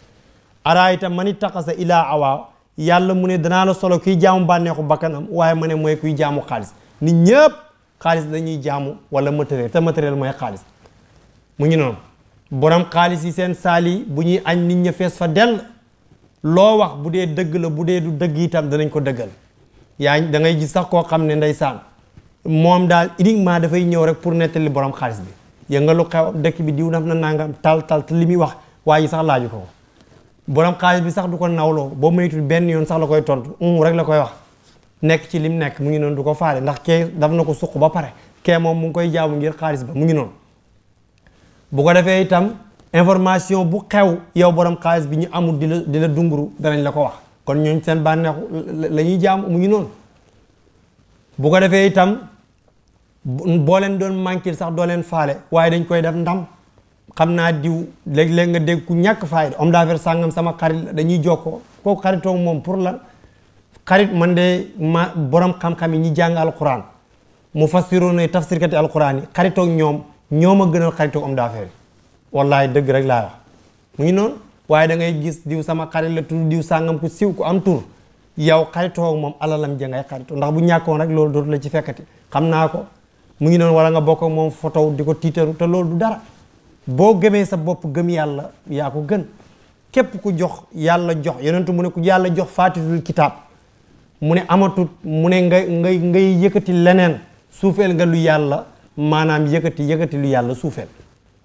araayta man sa ilaa awaa yàlla mu ne danaa la solo kuy jaamu bànneexu bakkanam waaye ma ne mooy kuy jaamu xaalis nit ñëpp xaalis lañuy jaamu wala matériel te matériel mooy xaalis mu ngi noonu borom xaalis yi seen saali bu ñuy añ nit ña fees fa dell loo wax bu dee dëgg la bu dee du dëgg itam danañ ko dëggal yaa da ngay gis sax koo xam ne ndeysaan moom daal uniquement dafay ñëw rek pour nettali borom xaalis bi yëngalu xew dëkk bi diw daf na nangam tal tal te li muy wax waaye ji sax laaju ko ko borom xaalis bi sax du ko nawloo boo moytul benn yoon sax la koy tontu um, rek la koy wax nekk ci lim nekk mu ngi noonu du ko faale ndax kee daf na ko suq ba pare kee moom mu ngi koy jaamu ngir xaalis ba mu ngi noonu bu ko defee itam information bu xew yow borom xaalis bi ñu amul di la dunguru danañ la ko wax kon ñooñ seen bànneexu la ñuy jaam mu ngi noonu bu ko defee itam boo leen doon manquil sax doo leen faale waaye dañ koy def ndam xam naa diw léeg-léeg nga dégg ku ñàkk fayda homme d'affaires sàngam sama xarit la dañuy jokkoo kooku xaritoo moom pour la xarit man de ma borom xam-xam yi ñi jàng alquran mu fassiroon ay tafsirkati alquran yi xaritoog ñoom ñoom a gënal xaritoog homme d'affaires yi dëgg rek laa mu ngi noonu waaye da ngay gis diw sama xarit la tudd diw sàngam ku siiw yow xaritoog moom alalam ja ngay xaritoo ndax bu ñàkkoon rek loolu dootu la ci fekkati xam naa ko mu ngi noonu wala nga bokk ak moom photo di ko tiitaru te loolu dara boo gëmee sa bopp gëm yàlla yaa ko gën képp ku jox yàlla jox yonentu mu ne ku yàlla jox faatitul kitaab mu ne amatut mu ne nga ngay ngay yëkkati leneen suufeel nga lu yàlla maanaam yëkkati yëkkati lu yàlla suufeel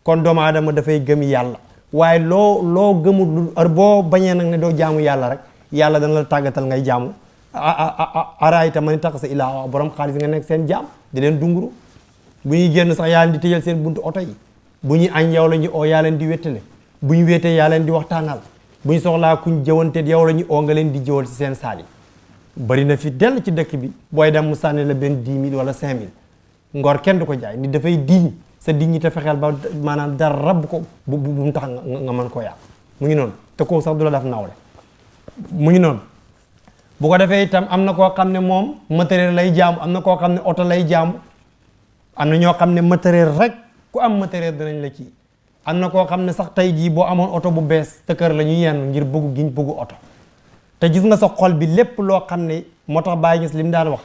kon doomu aadama dafay gëm yàlla waaye loo loo gëmul lu boo bañee nag ne doo jaamu yàlla rek yàlla dana la tàggatal ngay jaamu a man ittaxasa ilaahahu borom xaalis nga nekk seen jaam di leen bu ñuy génn sax yaa leen di tëjal seen buntu oto yi bu ñuy añ yow la ñu oo yaa leen di wettale bu ñu weetee yaa leen di waxtaanal bu ñu soxlaa kuñ jëwante yow la ñu oo nga leen di jëwal ci seen saali yi bari na fi dell ci dëkk bi booy dem mu sànni la benn dix mille wala cinq mille ngor kenn du ko jaay ni dafay diñ sa diñ ñi te fexeel ba maanaam dara rab ko bu bu mu tax nga mën koo yàq mu ngi noonu te kooku sax du la daf nawle mu ngi noonu bu ko defee itam am na koo xam ne moom matériel lay jaamu am na koo xam ne oto lay jaamu am na ñoo xam ne matériel rek ku am matériel danañ la ci am na koo xam ne sax tey jii boo amoon oto bu bees te kër la ñuy yenn ngir bëggu giñ bugg oto te gis nga sa xol bi lépp loo xam ne moo tax baa gis li mu daan wax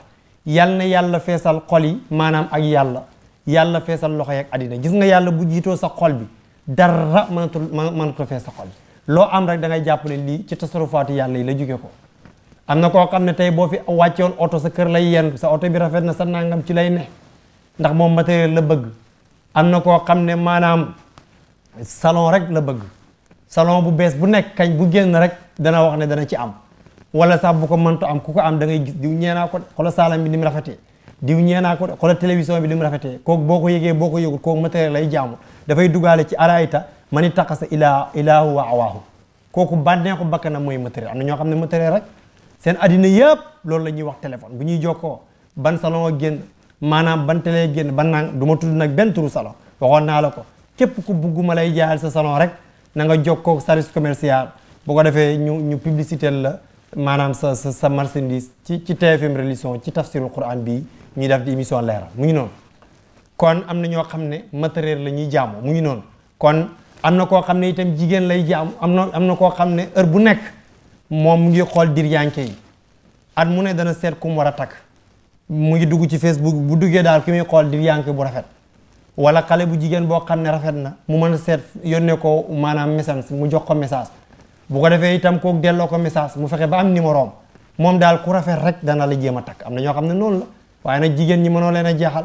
yal na yàlla feesal xol yi maanaam ak yàlla yàlla feesal loxo yi ak àddina gis nga yàlla bu jiitoo sa xol bi dara mënatu mënatu fees sa xol bi loo am rek da ngay jàpp ne lii ci tasarufaatu yàlla yi la jóge ko am na koo xam ne tey boo fi wàcce oto sa kër lay yenn sa oto bi rafet na sa nangam ci lay ne ndax moom matériel la bëgg am na koo xam ne maanaam salon rek la bëgg salon bu bees bu nekk kañ bu génn rek dana wax ne dana ci am wala sax bu ko mënta am ku ko am da ngay gis diw ñeenaa ko xoolal saalam bi ni mu rafetee diw ñeenaa ko xoolal télévision bi ni mu rafetee kooku boo ko yéegee boo ko yëgul kooku matériel lay jaamu dafay dugaale ci araayta mani taqasa ilaa ilaahu waa awaahu kooku bànneexu bakkanam mooy matériel am na ñoo xam ne matériel seen addina yëpp loolu la ñuy wax téléphone bu ñuy jokkoo maanaam ban télé génn ban nang du ma tudd nag benn turu salon waxoon naa la ko képp ku bugguma lay jaayal sa salon rek na nga jokkoo service commercial bu ko defee ñu ñu publicité la maanaam sa sa sa marchandise ci ci TFM religion ci tafsirul quran bii ñu def di émission leeral mu ngi noonu kon am na ñoo xam ne matériel la ñuy jaamu mu ngi noonu kon am na koo xam ne itam jigéen lay jaamu am na am na koo xam ne heure bu nekk moom mu ngi xool dir at mu ne dana seet ku mu war a takk mu ngi dugg ci Facebook bu duggee daal ki muy xool di yànk bu rafet wala xale bu jigéen boo xam ne rafet na mu mën a seet yónnee ko maanaam message mu jox ko message bu ko defee itam kooku delloo ko message mu fexe ba am numéro moom daal ku rafet rek dana la jéem a takk am na ñoo xam ne noonu la waaye nag jigéen ñi mënoo leen a jeexal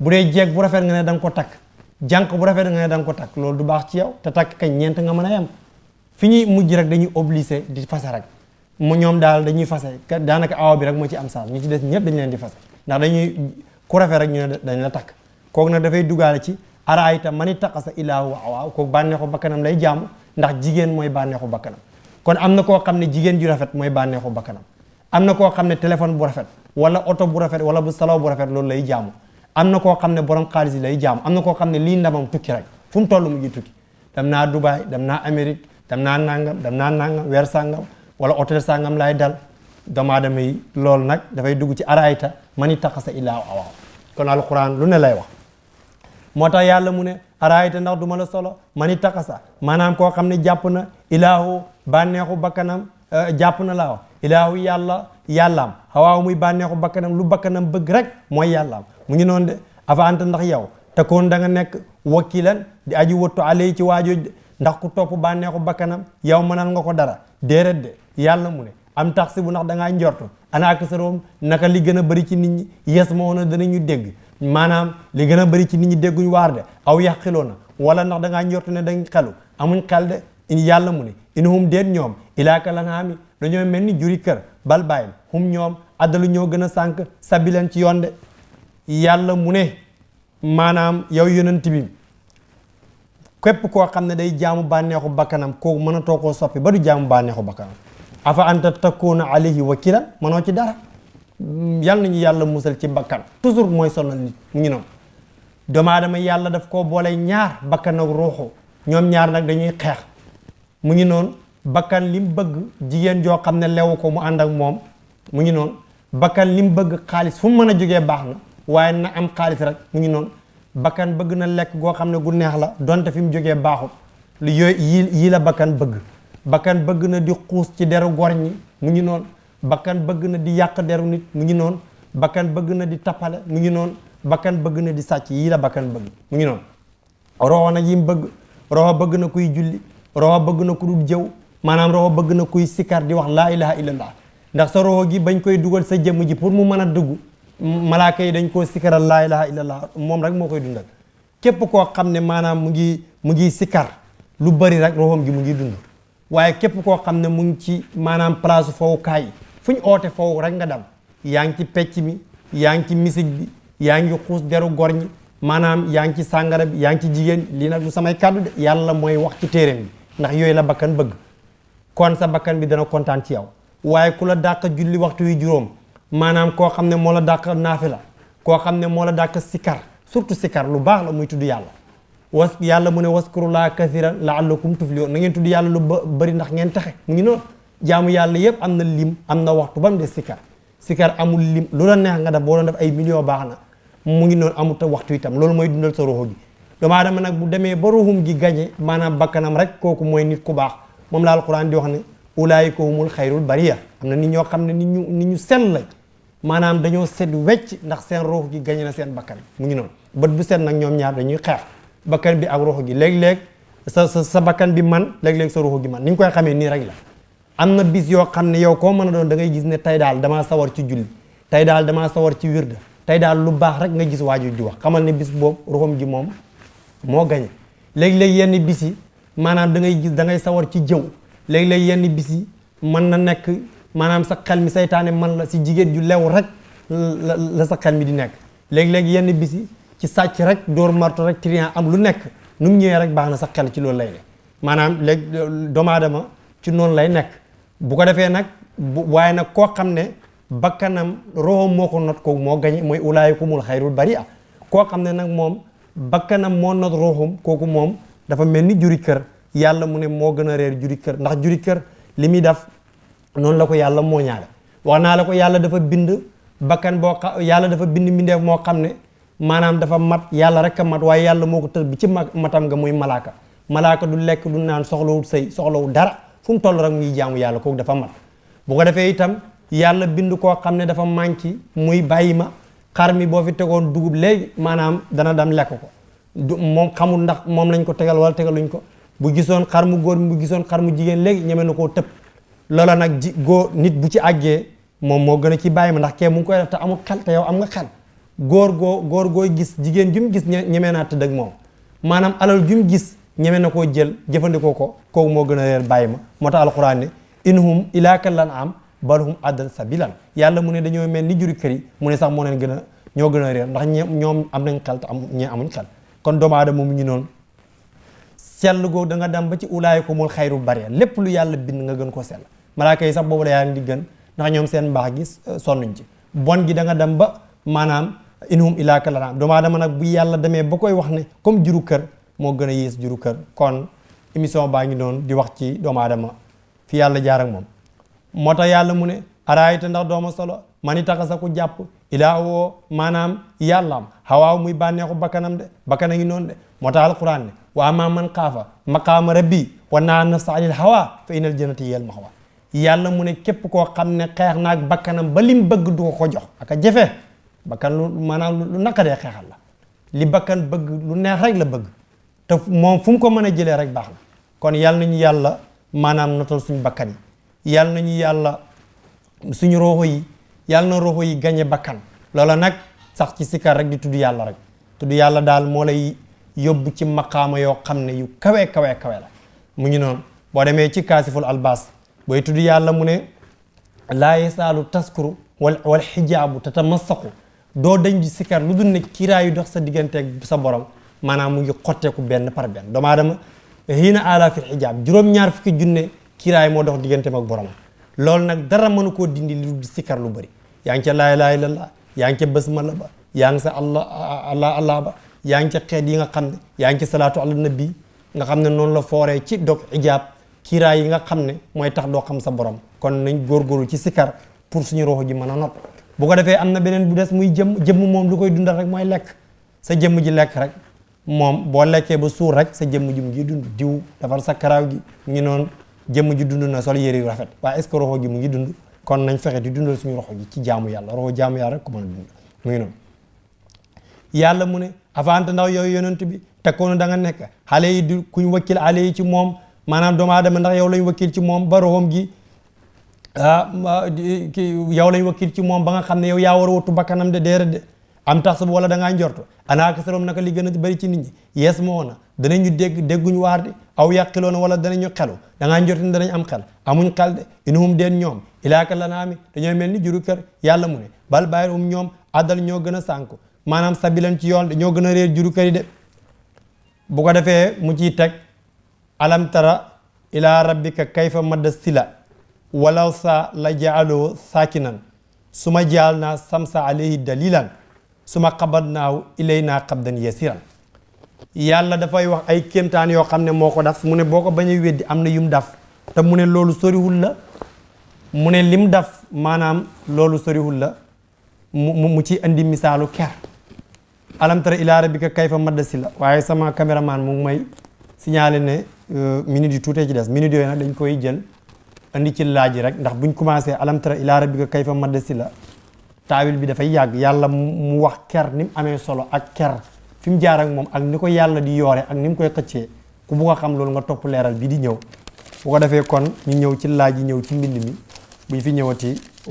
bu dee jeeg bu rafet nga ne da nga ko takk jànq bu rafet nga ne da ko takk loolu du baax ci yow te takk kañ ñeent nga mën a yem fi ñuy mujj rek dañuy obligé di fase rek mu ñoom daal dañuy fase daanaka awa bi rek moo ci am saal ñu ci des ñëpp dañu leen di fase ndax dañuy ku rafet rek ñu ne dañ la takk kook nag dafay dugaale ci araayta mani taqasa ilaahu wa awaa kooku bànneexu bakkanam lay jàmm ndax jigéen mooy bànneexu bakkanam kon am na koo xam ne jigéen ju rafet mooy bànneexu bakkanam am na koo xam ne téléphone bu rafet wala oto bu rafet wala bu saloo bu rafet loolu lay jaamu am na koo xam ne borom xaalis yi lay jaamu am na koo xam ne lii ndamam tukki rek fu toll mu ngi tukki dem naa Dubaay dem naa Amérique dem naa nangam dem naa nangam sàngam wala hôtel sangam laay dal doomu aadama yi loolu nag dafay dugg ci araayta man ittaxasa illaa awaa kon alquran lu ne lay wax moo tax yàlla mu ne araayita ndax du ma la solo man ittaxasa maanaam koo xam ne jàpp na ilaahu bànneexu bakkanam eh, jàpp na laa wax ilaahu yàlla yàllaam xawaaw muy bànneexu bakkanam lu bakkanam bëgg rek mooy yàllaam mu ngi noonu de afa anta ndax yow te kon da nga nekk wakilan di aji wattu alay ci waajo ndax ku topp bakkanam yow mënal nga ko dara déedéet yàlla mu ne am tax si bu ndax da ngaa njortu ana ak naka li gën a bëri ci nit ñi yes moo dana danañu dégg maanaam li gën a bëri ci nit ñi dégguñu waar de aw yàqiloo na wala ndax da ngaa ne dañ xelu amuñ xel de yàlla mu ne in hum déet ñoom ilaaka lanaami dañoo mel ni juri kër bal bàyyil hum ñoom addalu ñoo gën a sànq sabi leen ci yoon de yàlla mu ne maanaam yow yonent bi képp koo xam ne day jaamu bànneexu bakkanam kooku mën a too koo soppi ba du jaamu bànneexu afa anta takuna alayhi wakilan mënoo ci dara yal nañu yàlla musal ci bakkan toujours mooy sonal nit mu ngi noonu doomu aadama yàlla daf koo boole ñaar bakkan ak ruuxu ñoom ñaar nag dañuy xeex mu ngi noonu bakkan lim bëgg jigéen joo xam ne lewu ko mu ànd ak moom mu ngi noonu bakkan lim bëgg xaalis fu mu mën a jógee baax na waaye na am xaalis rek mu ngi noonu bakkan bëgg na lekk goo xam ne gu neex la donte fi mu jógee baaxul yooyu yii yii la bakkan bëgg bakkan bëgg na di xuus ci deru gor ñi mu ngi noonu bakkan bëgg na di yàq deru nit mu ngi noon bakkan bëgg na di tappale mu ngi noon bakkan bëgg na di sàcc yii la bakkan bëgg mu ngi noon roxo nag yim bëgg roxo bëgg na kuy julli roxo bëgg na ku dul jëw maanaam roxo bëgg na kuy sikar di wax laa ilaha illallah ndax sa roxo gi bañ koy dugal sa jëmm ji pour mu mën a dugg malaaka yi dañ koo sikaral laa ilaha moom rek moo koy dundal képp koo xam ne maanaam mu ngi mu ngi sikar lu bari rek roxoom gi mu ngi dund waaye képp koo xam ne mu ngi ci maanaam place fowukaay fu ñu oote foofu rek nga dem yaa ngi ci pecc mi yaa ngi ci misig bi yaa ngi xuus deru gor ñi maanaam yaa ngi ci sàngara bi yaa ngi ci jigéen lii nag lu samay kàddu de yàlla mooy wax ci téeréem bi ndax yooyu la bakkan bëgg kon sa bakkan bi dana kontaan ci yow waaye ku la dàq julli waxtu wi juróom maanaam koo xam ne moo la dàq naafi la koo xam ne moo la dàq sikar surtout sikar lu baax la muy tudd yàlla was yàlla mu ne waskurulaa kathiran laallakum tuflihun na ngeen tudd yàlla lu bëri ndax ngeen taxe mu ngi noonu jaamu yàlla yëpp am na lim am na waxtu ba mu des sikar sikar amul lim lu la neex nga def boo doon def ay million baax na mu ngi noonu amut waxtu itam loolu mooy dundal sa ruuxu gi doomu aadama nag bu demee ba ruuxum gi gañe maanaam bakkanam rek kooku mooy nit ku baax moom laa alquran di wax ne ulaayika humul xayrul bariya am na nit ñoo xam ne nit ñu nit ñu sell lañ maanaam dañoo set wecc ndax seen ruux gi gañe na seen bakkan mu ngi noonu bakkan bi ak ruux gi léeg-léeg sa sa sa bakkan bi man léeg-léeg sa ruux gi man ni ñu koy xamee nii rek la am na bis yoo xam ne yow koo mën a doon da ngay gis ne tey daal damaa sawar ci julli tey daal damaa sawar ci wirda tey daal lu baax rek nga gis waaju ju wax xamal ne bis boobu ruxum gi moom moo gañe léeg-léeg yenn bis yi maanaam da ngay gis da ngay sawar ci jëw léeg-léeg yenn bis yi mën na nekk maanaam sa xel mi saytaane man la si jigéen ju lew rek la sa xel mi di nekk léeg-léeg yenn bis yi ci sàcc rek dóor marto rek trian am lu nekk nu mu ñëwee rek baax na sax xel ci loolu lay ne maanaam léegi doomu aadama ci noonu lay nekk bu ko defee nag bu waaye nag koo xam ne bakkanam roxom moo ko not kooku moo gañe mooy ulaayikumul xayrul bari ah koo xam ne nag moom bakkanam moo not kooku moom dafa mel ni juri kër yàlla mu ne moo gën a reer juri kër ndax juri kër li muy def noonu la ko yàlla moo ñaale wax naa la ko yàlla dafa bind bakkan boo xam yàlla dafa bind mbindeef moo xam ne maanaam dafa mat yàlla rek a mat waaye yàlla moo ko tër bi ci matam nga muy malaaka malaaka du lekk du naan soxlawul sëy soxlawul dara fu mu toll rek muy jaamu yàlla kooku dafa mat bu ko defee itam yàlla bind koo xam ne dafa ci muy bàyyi ma xar mi boo fi tegoon dugub léegi maanaam dana dem lekk ko du moom xamul ndax moom lañ ko tegal wala tegaluñ ko bu gisoon xar mu góor mi gisoon xar mu jigéen léegi ñeme na koo tëb loola nag ji góor nit bu ci àggee moom moo gën a ci bàyyi ma ndax kee mu ngi koy def te amul xel te yow am nga xel góor goo góor gooy gis jigéen ju mu gis ñemee naa tëdd ak moom maanaam alal ju mu gis ñeme na koo jël jëfandikoo ko kooku moo gën a réer bàyyi ma moo tax alxuraan ne inhum ilaaka lan am bal hum addal sabilan yàlla mu ne dañoo mel ni juri kër mu ne sax moo leen gën a ñoo gën a réer ndax ñoom am nañ xel am ñee amuñ xel kon doomu aadama mu ngi noonu sell googu da nga dem ba ci ulaay ko mul xayrul bariya lépp lu yàlla bind nga gën koo sell malaaka yi sax boobu la yaa ngi di gën ndax ñoom seen mbaax gi sonnuñ ci bon gi da nga ba maanaam inhum illaa kal an'aam doomu aadama nag bu yàlla demee ba koy wax ne comme juru kër moo gën a yées juru kër kon émission baa ngi doon di wax ci doomu aadama fi yàlla jaar moom moo tax yàlla mu ne araayta ndax dooma solo mani taxa sa ku jàpp ilaa woo maanaam yàllaam xawaaw muy bànneexu bakkanam de bakkana ngi noonu de moo tax alquran ne wa amaa man xaafa maqaama rabbi wa naa nafsa anil hawa nal inal jannati yel maxwa yàlla mu ne képp koo xam ne xeex naag bakkanam ba lim bëgg du ko jox bakkan lu maanaam lu naqadee xeexal la li bakkan bëgg lu neex rek la bëgg te moom fu mu ko mën a jëlee rek baax na kon yàlla nañu yàlla maanaam notal suñu bakkan yi yàlla nañu yàlla suñu roxo yi yàlla na roxo yi gañe bakkan loola nag sax ci sikar rek di tudd yàlla rek tudd yàlla daal moo lay yóbbu ci maqaama yoo xam ne yu kawee kawe kawe la mu ñu noonu boo demee ci kaasiful albas booy tudd yàlla mu ne laa yasaalu taskuru wal wal xijaabu tatamassaku doo denc di sikkar lu dul ne kiiraayu dox sa diggante sa borom maanaam mu ngi xotteeku benn par benn doomu aadama hiina ala fil xijaab juróom-ñaar fukki junne kiiraay moo dox digganteem ak boromam loolu nag dara mënu koo dindi lu dul sikkar lu bëri yaa ngi ca laa ilaaha illallah ba yaa ngi sa allah allah allah ba yaa ngi ca xeet yi nga xam ne yaa ngi ca salaatu ala nabi nga xam ne noonu la fooree ci dog xijaab kiiraay yi nga xam ne mooy tax doo xam sa borom kon nañ góorgóorlu ci sikkar pour suñu roxo ji mën a nopp bu ko defee am na beneen bu des muy jëmm jëmm moom lu koy dundal rek mooy lekk sa jëmm ji lekk rek moom boo lekkee ba suur rek sa jëmm ji mu ngi dund diw defar sakkaraaw gi mu ngi noonu jëmm ji dund na sol yére yu rafet waa est-ce gi mu ngi dund kon nañ fexe di dundal suñu roxo gi ci jaamu yàlla roxo jaamu yàlla rek ko mën a dund mu ngi noonu yàlla mu ne avant ndaw yow yonent bi tekkoonu da nga nekk xale yi du kuñ wakkil xale yi ci moom maanaam doomu aadama ndax yow lañ wakkil ci moom ba gi ah kii yow lay wakkil ci moom ba nga xam ne yow yaa war a wattu bakkanam de déere de am tax sab wala da ngaa njort anaa akasaroom naka li gën a bëri ci nit ñi yees moo na danañu dégg dégguñu waar de aw yàqiloona wala danañu xelu da ngaa njort danañ am xel amuñ xel de inhum deen ñoom ilaaka lanaami dañooy mel ni juru yàlla mu ne bal bàyyil um ñoom adal ñoo gën a sànku maanaam sabilan ci yoon ñoo gën a réer juru kër de bu ko defee mu ciy teg alam tara ila rabbika kayfa madda sila walaw sa la jaaloo saakinan su ma jaal naa samsa alayhi dalilan su ma xabat naaw ilay naa xabdan yasiran yàlla dafay wax ay kéemtaan yoo xam ne moo ko daf mu ne boo ko bañ a weddi am na yum daf te mu ne loolu soriwul la mu ne lim daf maanaam loolu soriwul la mu mu ci andi misaalu ker alam tara ilaa rabbika kayfa madda si la waaye sama caméraman mu ngi may signalé ne euh, minutes yu tuutee ci des minutes yooyu nag dañ koy jël andi ci laaj yi rek ndax buñ commencé alam tara ilaa rabbika kayfa maddasi la taawil bi dafay yàgg yàlla mu wax ker ni mu amee solo ak ker fi mu jaar moom ak ni ko yàlla di yoore ak ni mu koy xëccee ku bugg a xam loolu nga topp leeral bi di ñëw bu ko defee kon ñu ñëw ci laaj yi ñëw ci mbind mi buñ fi ñëwati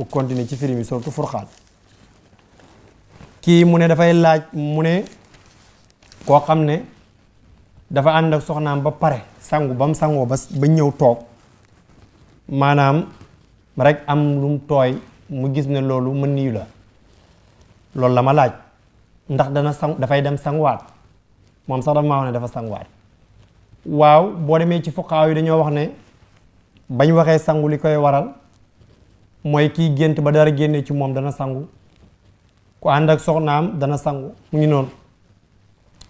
continuer ci firi mi surtout furxaan kii mu ne dafay laaj mu ne koo xam ne dafa ànd ak soxnaam ba pare sangu ba sangoo ba ba ñëw toog maanaam rek am lum tooy mu gis ne loolu mën niyu la loolu la ma laaj ndax dana sang dafay dem sanguwaat moom sax dafa maa wax ne dafa sanguwaat waaw boo demee ci fuqaaw yi dañoo wax ne bañ waxee sangu li koy waral mooy kii gént ba dara génne ci moom dana sangu ku ànd ak soxnaam dana sangu mu ngi noonu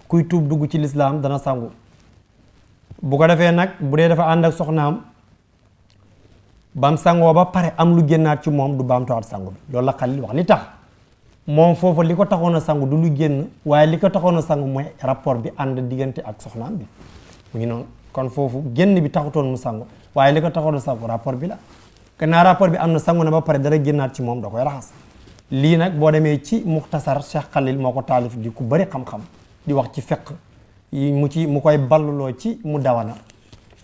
kuy tuub dugg ci lislaam dana sangu bu ko defee nag bu dee dafa ànd ak soxnaam bam sangoo ba pare am lu génnaat ci moom du baamtuwaat sangu bi loolu la xalil wax li tax moom foofu li ko taxoon sangu du lu génn waaye li ko taxoon a sangu mooy rapport bi ànd diggante ak soxnaam mu ngi noonu kon foofu génn bi taxutoon mu sangu waaye li ko taxoon a rapport bi la gannaaw rapport bi am na sangu na ba pare dara génnaat ci moom da koy raxas lii nag boo demee ci muxtasar Cheikh Khalil moo ko taalif di ku bari xam-xam di wax ci feq yi mu ci mu koy balluloo ci mu dawana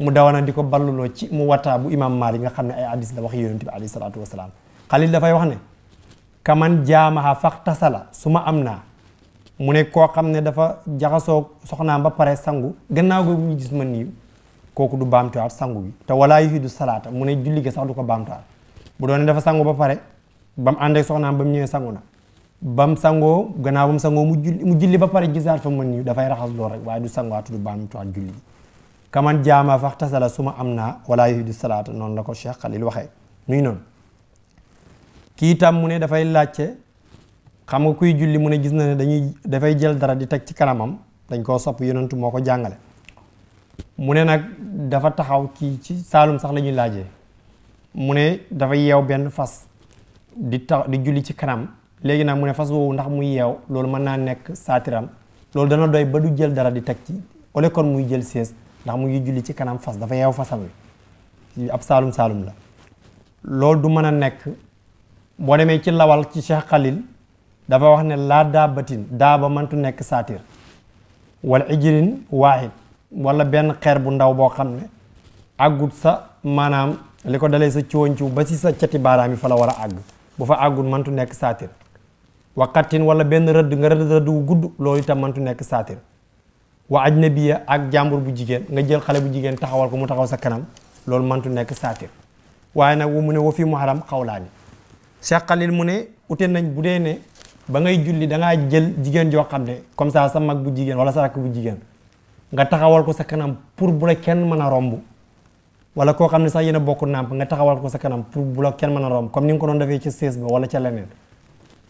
mu dawana di ko balluloo ci mu wataa bu imam Maalik nga xam ne ay hadis la wax yonent bi alayhi salaatu wasalaam xalil dafay wax ne kaman jaamaha faxtasala su ma am naa mu ne koo xam ne dafa jaxasoo soxnaam ba pare sangu gannaaw googu ñu gis ma nii kooku du baamtuwaat sangu bi te walaa yuhidu salaata mu ne julli ga sax du ko baamtuwaat bu doone dafa sangu ba pare ba mu ànd ak soxnaam ñëwee sangu na ba mu sangoo gannaaw ba mu sangoo mu julli mu julli ba pare gisaat fa mën nii dafay raxas lool rek waaye du sanguwaat du baamtuwaat julli kaman jaama fax tasala suma am naa wala yuhdi salaat noon la ko Cheikh Khalil waxee mu ngi noonu kii tam mu ne dafay laajte xam nga kuy julli mu ne gis na ne dañuy dafay jël dara di teg ci kanamam dañ koo sopp yonentu moo ko jàngale mu ne nag dafa taxaw kii ci saalum sax la ñuy mu ne dafa yeew benn fas di tax di julli ci kanam léegi nag mu ne fas ndax muy yeew loolu mën naa nekk saatiram loolu dana doy ba jël dara di teg ci ole kon muy jël sees ndax mu ngi julli ci kanam fas dafa yeew fasam wi ab saalum saalum la loolu du mën a nekk boo demee ci lawal ci Cheikh Khalil dafa wax ne laa daabatin daaba mantu nekk saatir wala ijirin waahid wala benn xeer bu ndaw boo xam ne àggut sa maanaam li ko dalee sa ciwonciw ba si sa cati baaraam yi fa la war a àgg bu fa àggut mëntu nekk saatir waqatin wala benn rëdd nga rëdd rëdd wu gudd loolu itam mëntu nekk saatir waa wa ajnabiya ak jàmbur bu jigéen nga jël xale bu jigéen taxawal ko mu taxaw sa kanam loolu mantu nekk saatir waaye nag mu ne wa fi muharam xawlaani Cheikh Khalil mu ne ute nañ bu dee ne ba ngay julli da ngaa jël jigéen joo xam ne comme ça sa mag bu jigéen wala sa rakk bu jigéen nga taxawal ko sa kanam pour bu la kenn mën a romb a bokk a romb comme ni nga ko doon defee ca sées ba wala ca leneen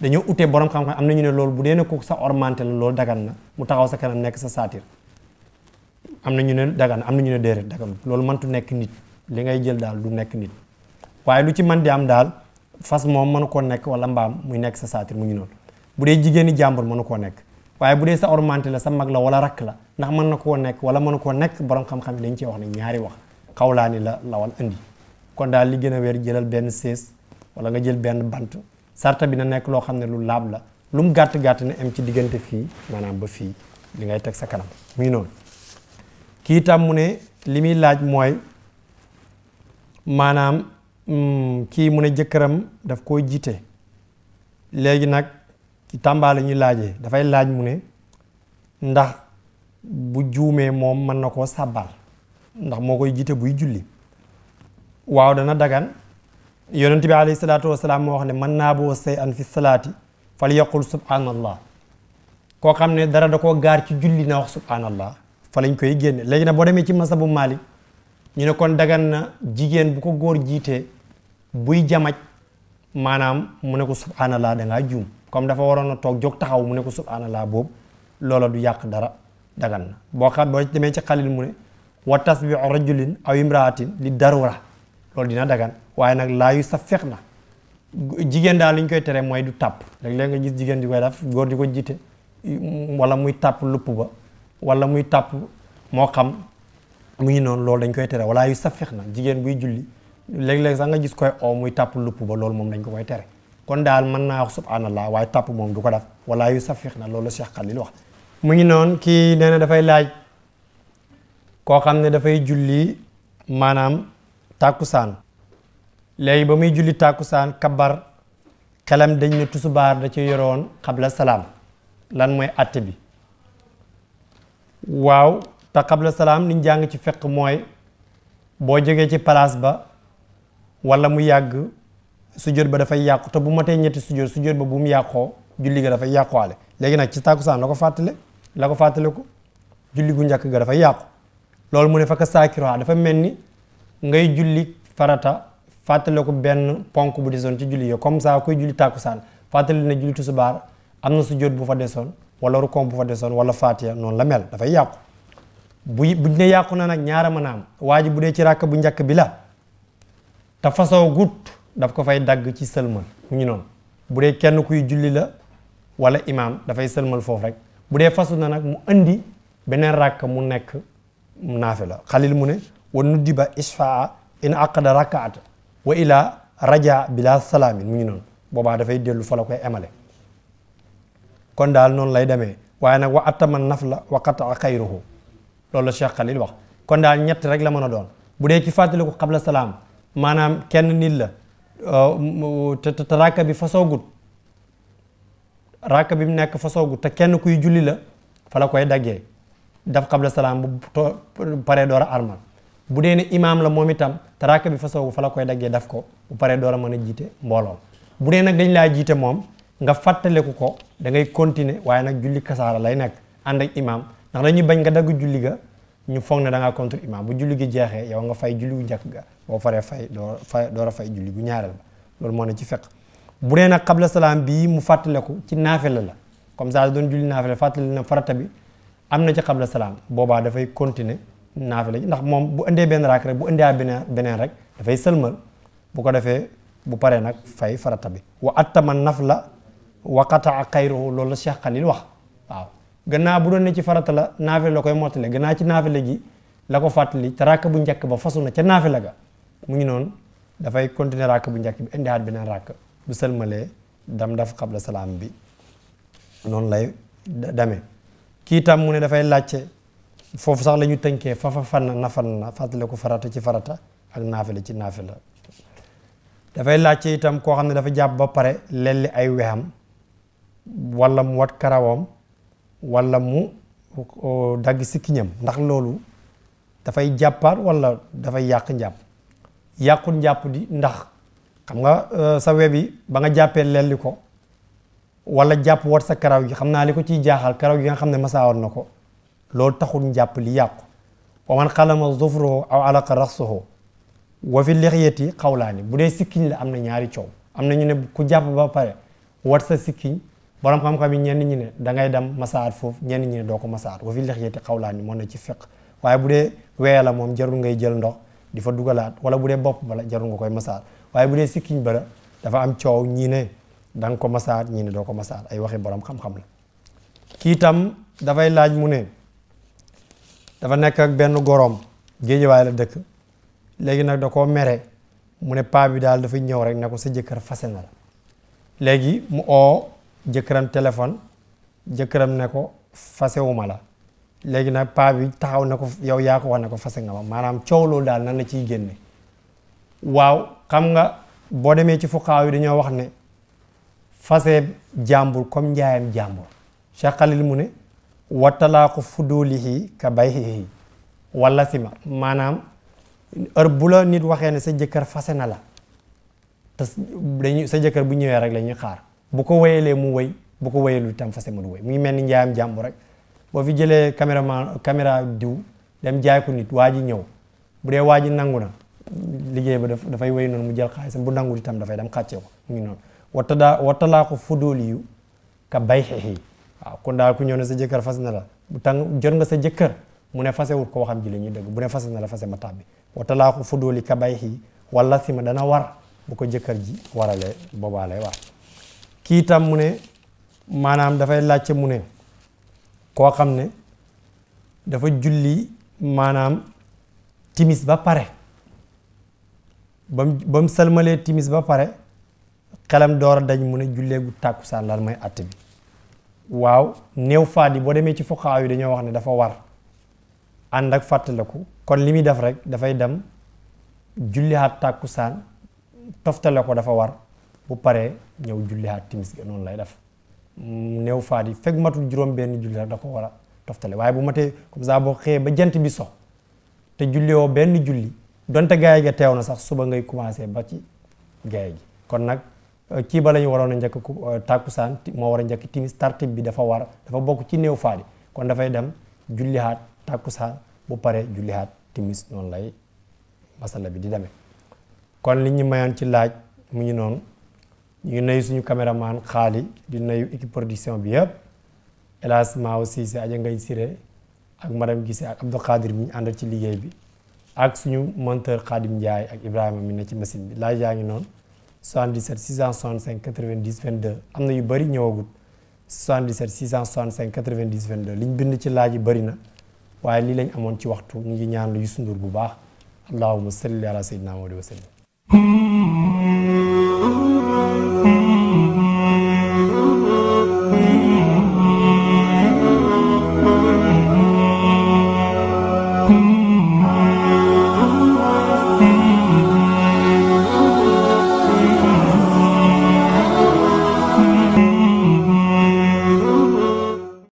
dañoo utee borom xam-xam am na ñu ne loolu bu dee ne ko sa ormanté la loolu na mu taxaw sa kanam nekk sa saatir am na ñu ne dagan am na ñu ne déedéet dagan loolu mëntu nekk nit li ngay jël daal du nekk nit waaye lu ci mën di am daal fas moom mënu koo nekk wala mbaam muy nekk sa saatir mu ngi noonu bu dee jigéeni jàmbur mënu koo nekk waaye bu dee sa ormanté la sa mag la wala rakk la ndax mën na koo nekk wala mënu koo nekk borom xam-xam yi wax ne ñaari wax xawlaani la lawal indi kon daal li gën a wér jëlal benn sees wala nga jël benn bant sarta bi na nekk loo xam ne lu laab la lu mu gàtt gàtt na am ci diggante fii maanaam ba fii li ngay teg sa kanam muy noonu kii itam mu ne li muy laaj mooy maanaam hmm, kii mu ne jëkkëram daf koo jiite léegi nag ci Tamba la ñuy laajee dafay laaj mu ne ndax bu juumee moom mën na koo sàbbal ndax moo koy jiite buy julli waaw dana dagan yonent bi alayhi salaatu wasalaam moo wax ne man naa boo say an fi salaati fal yaqul subhanallah koo xam ne dara da ko gaar ci julli na wax subhanallah fa lañ koy génne léegi nag boo demee ci masabu maali ñu ne kon dagan na jigéen bu ko góor jiitee buy jamaj maanaam mu ne ko subhanallah da ngaa juum comme dafa waroon na toog jog taxaw mu ne ko subhanallah boobu loola du yàq dara dagan na boo xam boo demee ci xalil mu ne wa tasbiu rajulin aw imraatin li loolu dina dagan waaye nag laa yu safiq na jigéen daal li koy tere mooy du tàpp léeg-léeg nga gis jigéen di koy def góor di ko jiite wala muy tàpp lupp ba wala muy tàpp moo xam mu noonu loolu dañ koy tere wala yu safiq na jigéen buy julli léeg-léeg sax nga gis koy oo muy tàpp lupp ba loolu moom dañ ko koy tere kon daal mën naa wax subhanallah waaye tàpp moom du ko def wala yu safiq na loolu Cheikh Khalil wax mu ngi noonu kii nee na dafay laaj koo xam ne dafay julli maanaam tàkkusaan léegi ba muy julli tàkkusaan kabar xelam dañ ne tusubaar da ci yoroon xabla salaam lan mooy àtte bi waaw te xabla salaam liñ jàng ci fekk mooy boo jegee ci palaas ba walla mu yàgg sujjóot ba dafay yàqu te bu matee ñetti sujjóot sujjóot ba bu mu yàqoo julli ga dafay yàquwaale léegi nag ci tàkkusaan la ko fàttale la ko fàttale ko julli gu njëkk ga dafay yàqu loolu mu ne fakk saakiroo dafa mel ni ngay julli farata fàttale ko benn ponk bu desoon ci julli yo comme ça kuy julli tàkkusaan fàttali na julli tusubaar am na sujjóot bu fa desoon wala rukoom bu fa desoon wala faatiya noonu la mel yàqu bu buñ ne yàqu na nag ñaara mën waa ji bu dee ci ràkk bu njëkk bi la te fasoo gut daf ko fay dagg ci sëlmal mu ngi noon bu dee kenn kuy julli la wala imaam dafay sëlmal foofu rek bu dee fasu na nag mu indi beneen ràkk mu nekk naafi la xalil mu ne wa nuddi ba isfaa in aqada rakaata wa ilaa raja bila salaamin mu ngi noon boobaa dafay dellu fa koy emale kon daal noonu lay demee waaye nag wa attama naf la wa qataa xayruhu loolu la Cheikh Khalil wax kon daal ñett rek la mën a doon bu dee ci fàttaliku xabla salaam maanaam kenn nit la euh, te te rakka bi fasoogut rakka bi mu nekk fasoogut te kenn kuy julli la fala koy daggee daf xabla salaam bu paree door a armal bu dee ne imaam la moom itam taraaka bi fa fa koy daggee daf ko bu paree door a mën a jiite mbooloo bu dee nag dañ laa jiite moom nga fàttaliku ko da ngay waaye nag julli kasaara lay nekk ànd imaam ndax dañuy bañ nga dagg julli ñu foog ne da ngaa bu julli gi jeexee yow nga fay julli gu ga boo faree fay doo fay door a fay julli gu ñaareel loolu moo ne ci fekk bu dee nag xabla salaam bii mu fàttaliku ci naafila la la comme ça doon julli naafila fàttali na farata bi am na ci xabla salaam boobaa dafay continuer naafila ji ndax moom bu indee benn raak rek bu indee beneen beneen rek dafay sëlmal bu ko defee bu paree nag fay farata bi wa attama nafla wa qataa xayruhu loolu la Cheikh Khalil wax gannaaw bu doon ne ci farata la naafila la koy mottale gannaaw ci naafila ji la ko fàttali te raak bu njëkk ba fasu na ca naafila mu ngi noonu dafay continuer raak bu njëkk bi indiwaat beneen raak bu sëlmalee dam daf xabla salaam bi noonu lay demee kii tam dafay laajte foofu sax la ñu tënkee fafa fan na fan na fàttaliku farata ci farata ak la ci naafila dafay laaj laajte itam koo xam ne dafa jàpp ba pare lelli ay wexam walla mu wat karawam wala mu dagg sikkiñam ndax loolu dafay jàppaat wala dafay yàq njàpp yàqut njàpp di ndax xam nga euh, sa we bi ba nga jàppee lelli ko walla jàpp wat sa karaw gi xam naa li ko ciy jaaxal karaw gi nga xam ne masaawoon na ko loolu taxul njàpp li yàqu wa man xalama zufruhu aw alaqa raxsuhu wa fi lixyati xawlaani bu dee sikkiñ la am na ñaari coow am na ñu ne ku jàpp ba pare wat sa sikkiñ borom xam-xam ñenn ñi ne da ngay dem masaat foofu ñenn ñi doo ko masaat wa fi lixyati xawlaani moo na ci feq waaye bu dee wee la moom jarul ngay jël ndox di fa dugalaat wala bu dee bopp bala jarul nga koy masaar waaye bu dee sikkiñ bala dafa am coow ñii ne da ko masaar ñii ne doo ko masaat ay waxi borom xam-xam la kii tam dafay laaj mu ne dafa nekk ak benn goroom géejawaay la dëkk léegi nag da koo mere mu ne paa bi daal dafa ñëw rek ne ko sa jëkkër fase na la léegi mu oo jëkkëram téléphone jëkkëram ne ko fasewuma la léegi nag paa bi taxaw ne ko yow yaa ko wax ne ko fase nga ma maanaam coow loolu daal nan la ciy génne waaw xam nga boo demee ci fuqaaw yi dañoo wax ne fase jàmbur comme njaayam jàmbur Cheikh Khalil mu ne wa talaaqu fudulihi ka bayhihi wala si sima maanaam heure bu la nit waxee ne sa jëkkër fase na la te dañuy sa jëkkër bu ñëwee rek lañuy xaar bu ko wéyalee mu wéy bu ko wéyalu itam fase mu du wéy mu ngi mel ni njaayam jàmbu rek boo fi jëlee caméraman caméra diw dem jaay ko nit waa ji ñëw bu dee waa ji nangu na liggéey ba dafay wéy noonu mu jël xaalisam bu nangu tam dafay dem xàccee ko mu ngi noonu wa talaa wa talaaqu fuduli yu ka bayhihi waaw kon daal ku ñëw ne sa jëkkër fas na la bu tàng jot nga sa jëkkër mu ne fase wut ko waxam ji la ñuy dëgg bu ne fase na la fase ma tàbbi wa ka bay kabayxi walla si ma dana war bu ko jëkkër ji warale boobaa lay war kii tam mu ne maanaam dafay laajte mu ne koo xam ne dafa julli maanaam timis ba pare bam ba mu salmalee timis ba pare xelam door a dañ mu ne julleegu tàkkusaan mooy àtt bi waaw néew faat yi boo demee ci fuqaaw yi dañoo wax ne dafa war ànd ak fàttale ko kon li muy def rek dafay dem jullihaat tàkkusaan toftale ko dafa war bu paree ñëw jullihaat timis ga noonu lay def néew faat yi fekk matul juróom benn julli rek da ko war a toftale waaye bu matee comme ça boo xëyee ba jant bi so te julliwoo benn julli donte gaay ga teew na sax suba ngay commencé ba ci gaay gi kon nag kii ba ñu waroon a njëkk euh, tàkkusaan moo war a njëkk timis tartib bi dafa war dafa bokk ci néew faali kon dafay dem jullihaat tàkkusaan bu pare jullihaat timis noonu lay masala bi di demee kon li ñu mayoon ci laaj mu ngi noonu ñu nuyu suñu caméraman xaali di nuyu équipe production bi yëpp hélas Maaw Cissé Aja Ngay Siré ak madame Gissé ak Abdou Khadir mi ñu àndal ci liggéey bi ak suñu monteur Khadim Ndiaye ak Ibrahima mi ne ci machine bi laaj yaa ngi noonu 77 665 90 22 am na yu bëri ñëwagut 77 665 90 22 liñ bind ci laaj yi bëri na waaye lii lañ amoon ci waxtu ñu ngi ñaan lu Youssou bu baax allahumma salli ala sayyidina Muhammad wa sallim